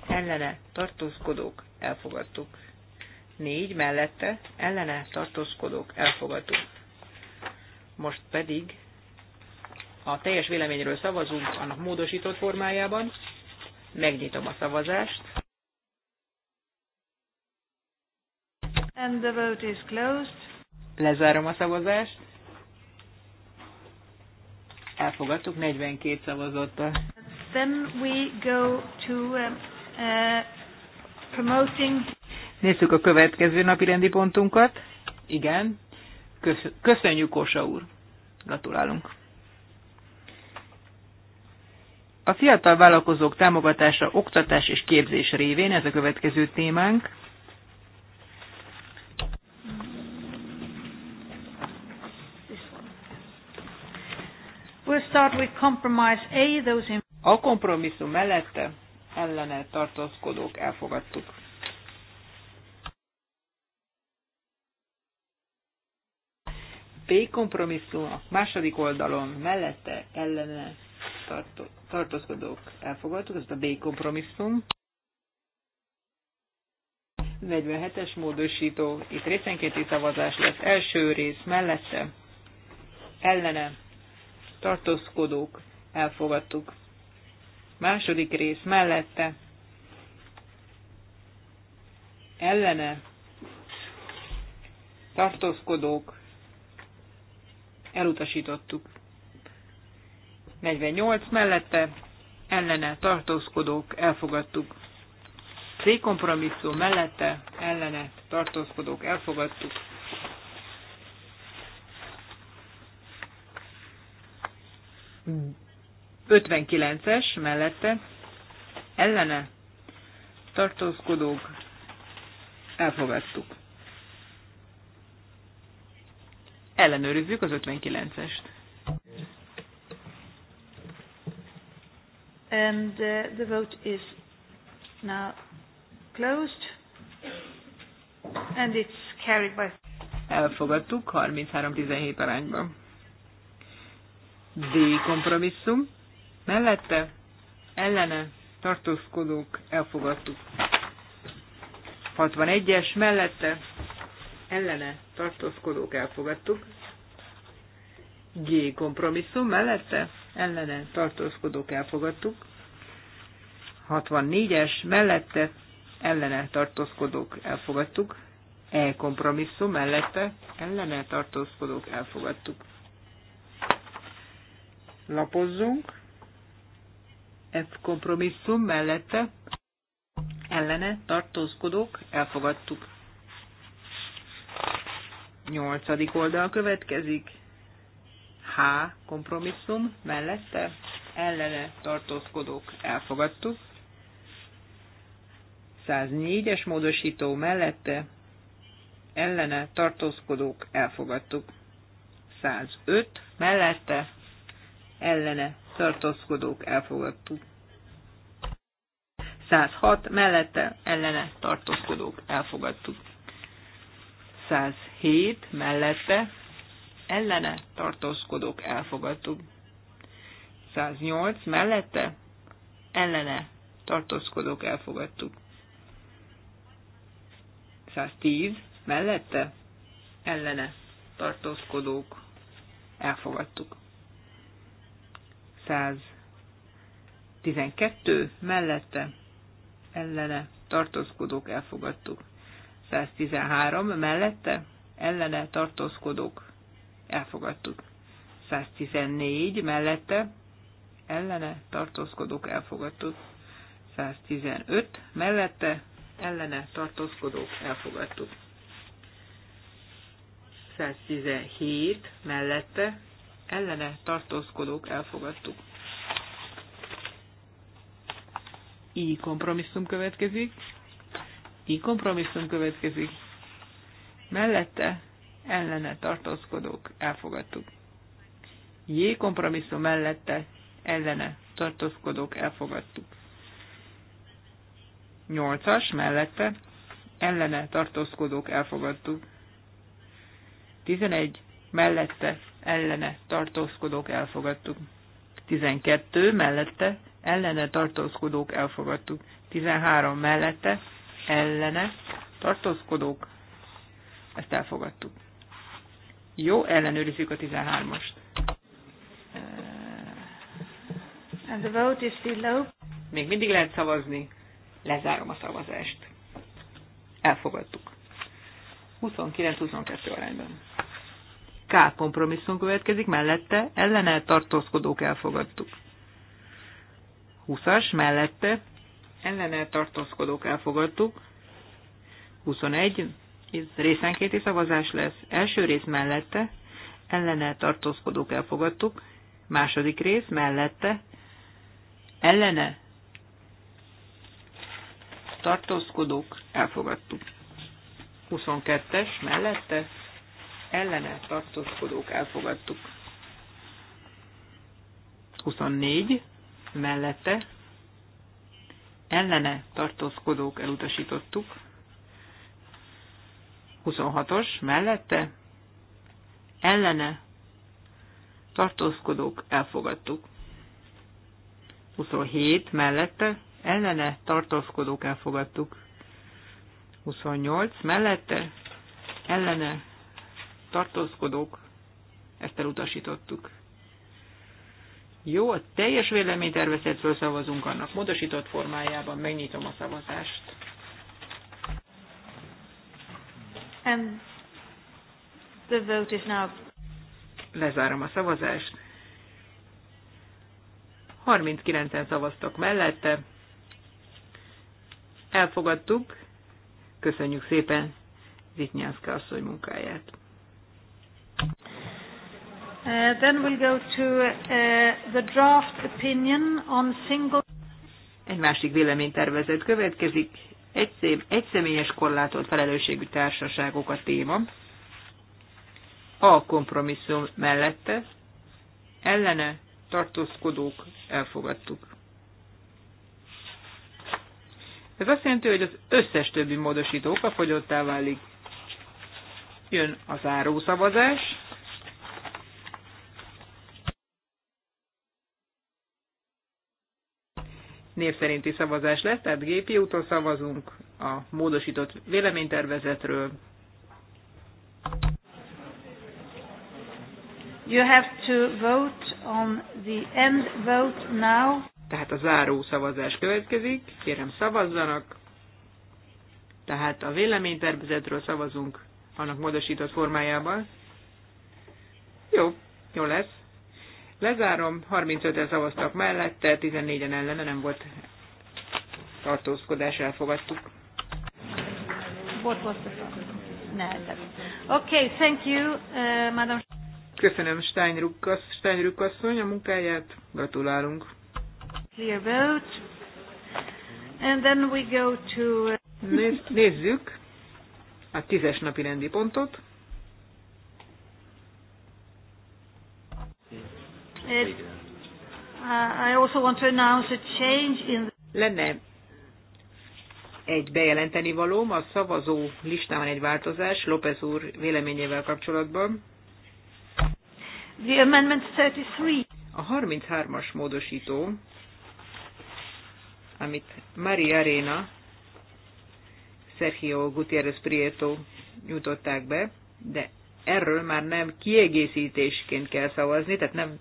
ellene tartózkodók elfogadtuk. Négy mellette ellene tartózkodók elfogadtuk. Most pedig a teljes véleményről szavazunk annak módosított formájában. Megnyitom a szavazást. And the vote is closed. Lezárom a szavazást. Elfogadtuk 42 szavazattal. Then we go to um, uh, promoting. Nézzük a következő napi rendi pontunkat. Igen. Köszönjük, Kosa úr. Gratulálunk. A fiatal vállalkozók támogatása, oktatás és képzés révén ez a következő témánk. A, A kompromisszum mellette ellene tartózkodók elfogadtuk. B kompromisszum a második oldalon mellette ellene tartó, tartózkodók elfogadtuk, ez a B kompromisszum. 47-es módosító, itt részenkéti szavazás lesz, első rész mellette, ellene, tartózkodók elfogadtuk. Második rész mellette, ellene, tartózkodók elutasítottuk. 48 mellette ellene tartózkodók elfogadtuk. C mellette ellene tartózkodók elfogadtuk. Hmm. 59-es mellette ellene tartózkodók elfogadtuk. Ellenőrizzük az 59-est. And uh, the vote is now closed. And it's carried by... Elfogadtuk 33-17 arányban. D kompromisszum. Mellette, ellene, tartózkodók, elfogadtuk. 61-es, mellette, ellene, tartózkodók, elfogadtuk. G kompromisszum, mellette, ellene tartózkodók elfogadtuk. 64-es mellette ellene tartózkodók elfogadtuk. E kompromisszum mellette ellene tartózkodók elfogadtuk. Lapozzunk. F e kompromisszum mellette ellene tartózkodók elfogadtuk. Nyolcadik oldal következik. H kompromisszum mellette ellene tartózkodók elfogadtuk. 104-es módosító mellette ellene tartózkodók elfogadtuk. 105 mellette ellene tartózkodók elfogadtuk. 106 mellette ellene tartózkodók elfogadtuk. 107 mellette ellene tartózkodók elfogadtuk. 108 mellette ellene tartózkodók elfogadtuk. 110 mellette ellene tartózkodók elfogadtuk. 112 mellette ellene tartózkodók elfogadtuk. 113 mellette ellene tartózkodók elfogadtuk. 114 mellette ellene tartózkodók elfogadtuk. 115 mellette ellene tartózkodók elfogadtuk. 117 mellette ellene tartózkodók elfogadtuk. I kompromisszum következik. I kompromisszum következik. Mellette ellene tartózkodók elfogadtuk. J kompromisszum mellette ellene tartózkodók elfogadtuk. 8-as mellette ellene tartózkodók elfogadtuk. 11 mellette ellene tartózkodók elfogadtuk. 12 mellette ellene tartózkodók elfogadtuk. 13 mellette ellene tartózkodók ezt elfogadtuk. Jó, ellenőrizzük a 13-ast. Uh, and the vote is still low. Még mindig lehet szavazni. Lezárom a szavazást. Elfogadtuk. 29-22 arányban. K kompromisszum következik, mellette ellene tartózkodók elfogadtuk. 20-as mellette ellene tartózkodók elfogadtuk. 21 ez részenkéti szavazás lesz. Első rész mellette, ellene tartózkodók elfogadtuk. Második rész mellette, ellene tartózkodók elfogadtuk. 22-es mellette, ellene tartózkodók elfogadtuk. 24 mellette, ellene tartózkodók elutasítottuk. 26-os mellette ellene tartózkodók elfogadtuk. 27 mellette ellene tartózkodók elfogadtuk. 28 mellette ellene tartózkodók ezt elutasítottuk. Jó, a teljes véleménytervezetről szavazunk annak módosított formájában, megnyitom a szavazást. And the vote is now... Lezárom a szavazást. 39-en szavaztak mellette. Elfogadtuk. Köszönjük szépen Zitnyánszka asszony munkáját. Uh, then we'll go to uh, the draft opinion on single... Egy másik véleménytervezet következik egy, egy személyes korlátolt felelősségű társaságok a téma. A kompromisszum mellette ellene tartózkodók elfogadtuk. Ez azt jelenti, hogy az összes többi módosítók a fogyottá válik. Jön az árószavazás. név szerinti szavazás lesz, tehát gépi úton szavazunk a módosított véleménytervezetről. You have to vote on the end vote now. Tehát a záró szavazás következik. Kérem szavazzanak. Tehát a véleménytervezetről szavazunk annak módosított formájában. Jó, jó lesz. Lezárom, 35-en szavaztak mellette, 14-en ellene nem volt tartózkodás, elfogadtuk. Okay, thank you, uh, Madam. Köszönöm Steinruck, asszony a munkáját, gratulálunk. Clear vote. And then we go to... Uh, nézzük a tízes napi rendi pontot. Uh, I also want to announce a change in Lenne egy bejelenteni valóm, a szavazó listában egy változás López úr véleményével kapcsolatban. The amendment 33. A 33-as módosító, amit Maria Arena, Sergio Gutierrez Prieto nyújtották be, de erről már nem kiegészítésként kell szavazni, tehát nem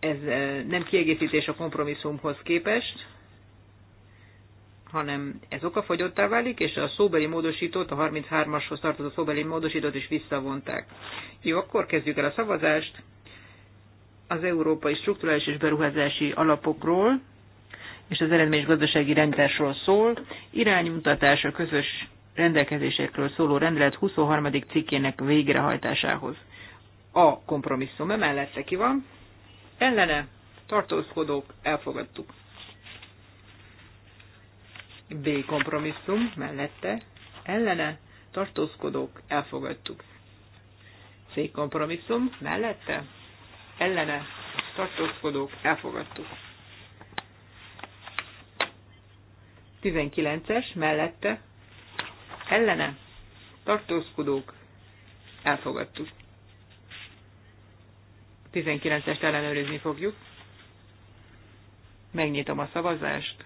ez nem kiegészítés a kompromisszumhoz képest, hanem ez okafogyottá válik, és a szóbeli módosítót, a 33-ashoz tartozó szóbeli módosítót is visszavonták. Jó, akkor kezdjük el a szavazást az Európai Strukturális és Beruházási Alapokról, és az eredményes gazdasági rendszerről szól, iránymutatás a közös rendelkezésekről szóló rendelet 23. cikkének végrehajtásához. A kompromisszum emellette ki van, ellene tartózkodók elfogadtuk. B kompromisszum mellette ellene tartózkodók elfogadtuk. C kompromisszum mellette ellene tartózkodók elfogadtuk. 19-es mellette ellene tartózkodók elfogadtuk. 19-est ellenőrizni fogjuk. Megnyitom a szavazást.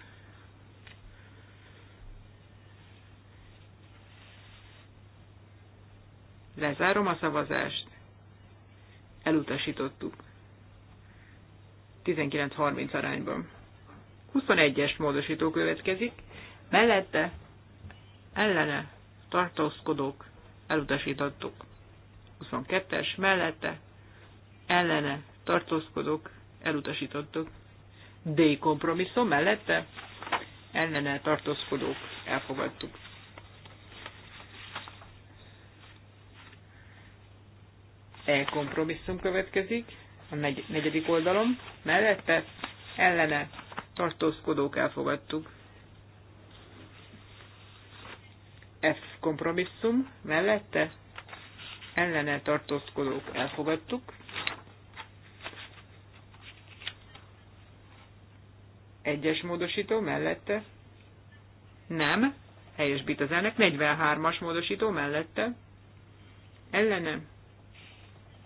Lezárom a szavazást. Elutasítottuk. 19-30 arányban. 21-es módosító következik. Mellette ellene tartózkodók elutasítottuk. 22-es mellette ellene tartózkodók elutasítottuk. D kompromisszum mellette ellene tartózkodók elfogadtuk. E kompromisszum következik a negy, negyedik oldalom, mellette ellene tartózkodók elfogadtuk. F kompromisszum, mellette ellene tartózkodók elfogadtuk. Egyes módosító mellette. Nem. Helyesbít az elnök. 43-as módosító mellette. Ellenem.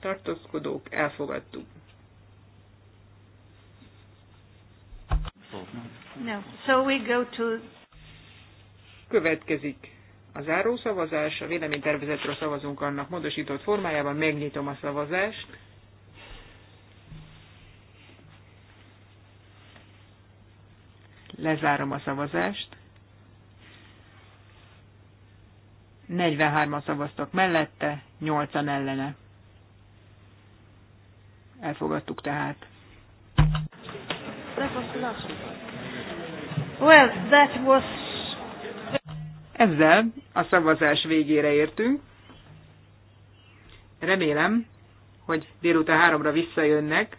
Tartózkodók. Elfogadtuk. No. So we go to... Következik a zárószavazás, a véleménytervezetről szavazunk annak módosított formájában, megnyitom a szavazást. Lezárom a szavazást. 43-an szavaztak mellette, 8-an ellene. Elfogadtuk tehát. Well, that was... Ezzel a szavazás végére értünk. Remélem, hogy délután háromra visszajönnek,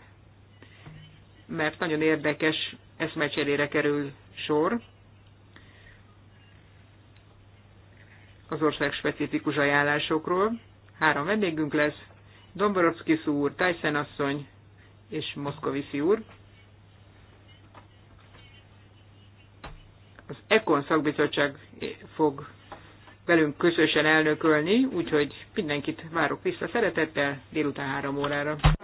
mert nagyon érdekes eszmecserére kerül sor az ország specifikus ajánlásokról. Három vendégünk lesz, Domborovszki úr, Tyson asszony és Moszkoviszi úr. Az Ekon szakbizottság fog velünk közösen elnökölni, úgyhogy mindenkit várok vissza szeretettel délután három órára.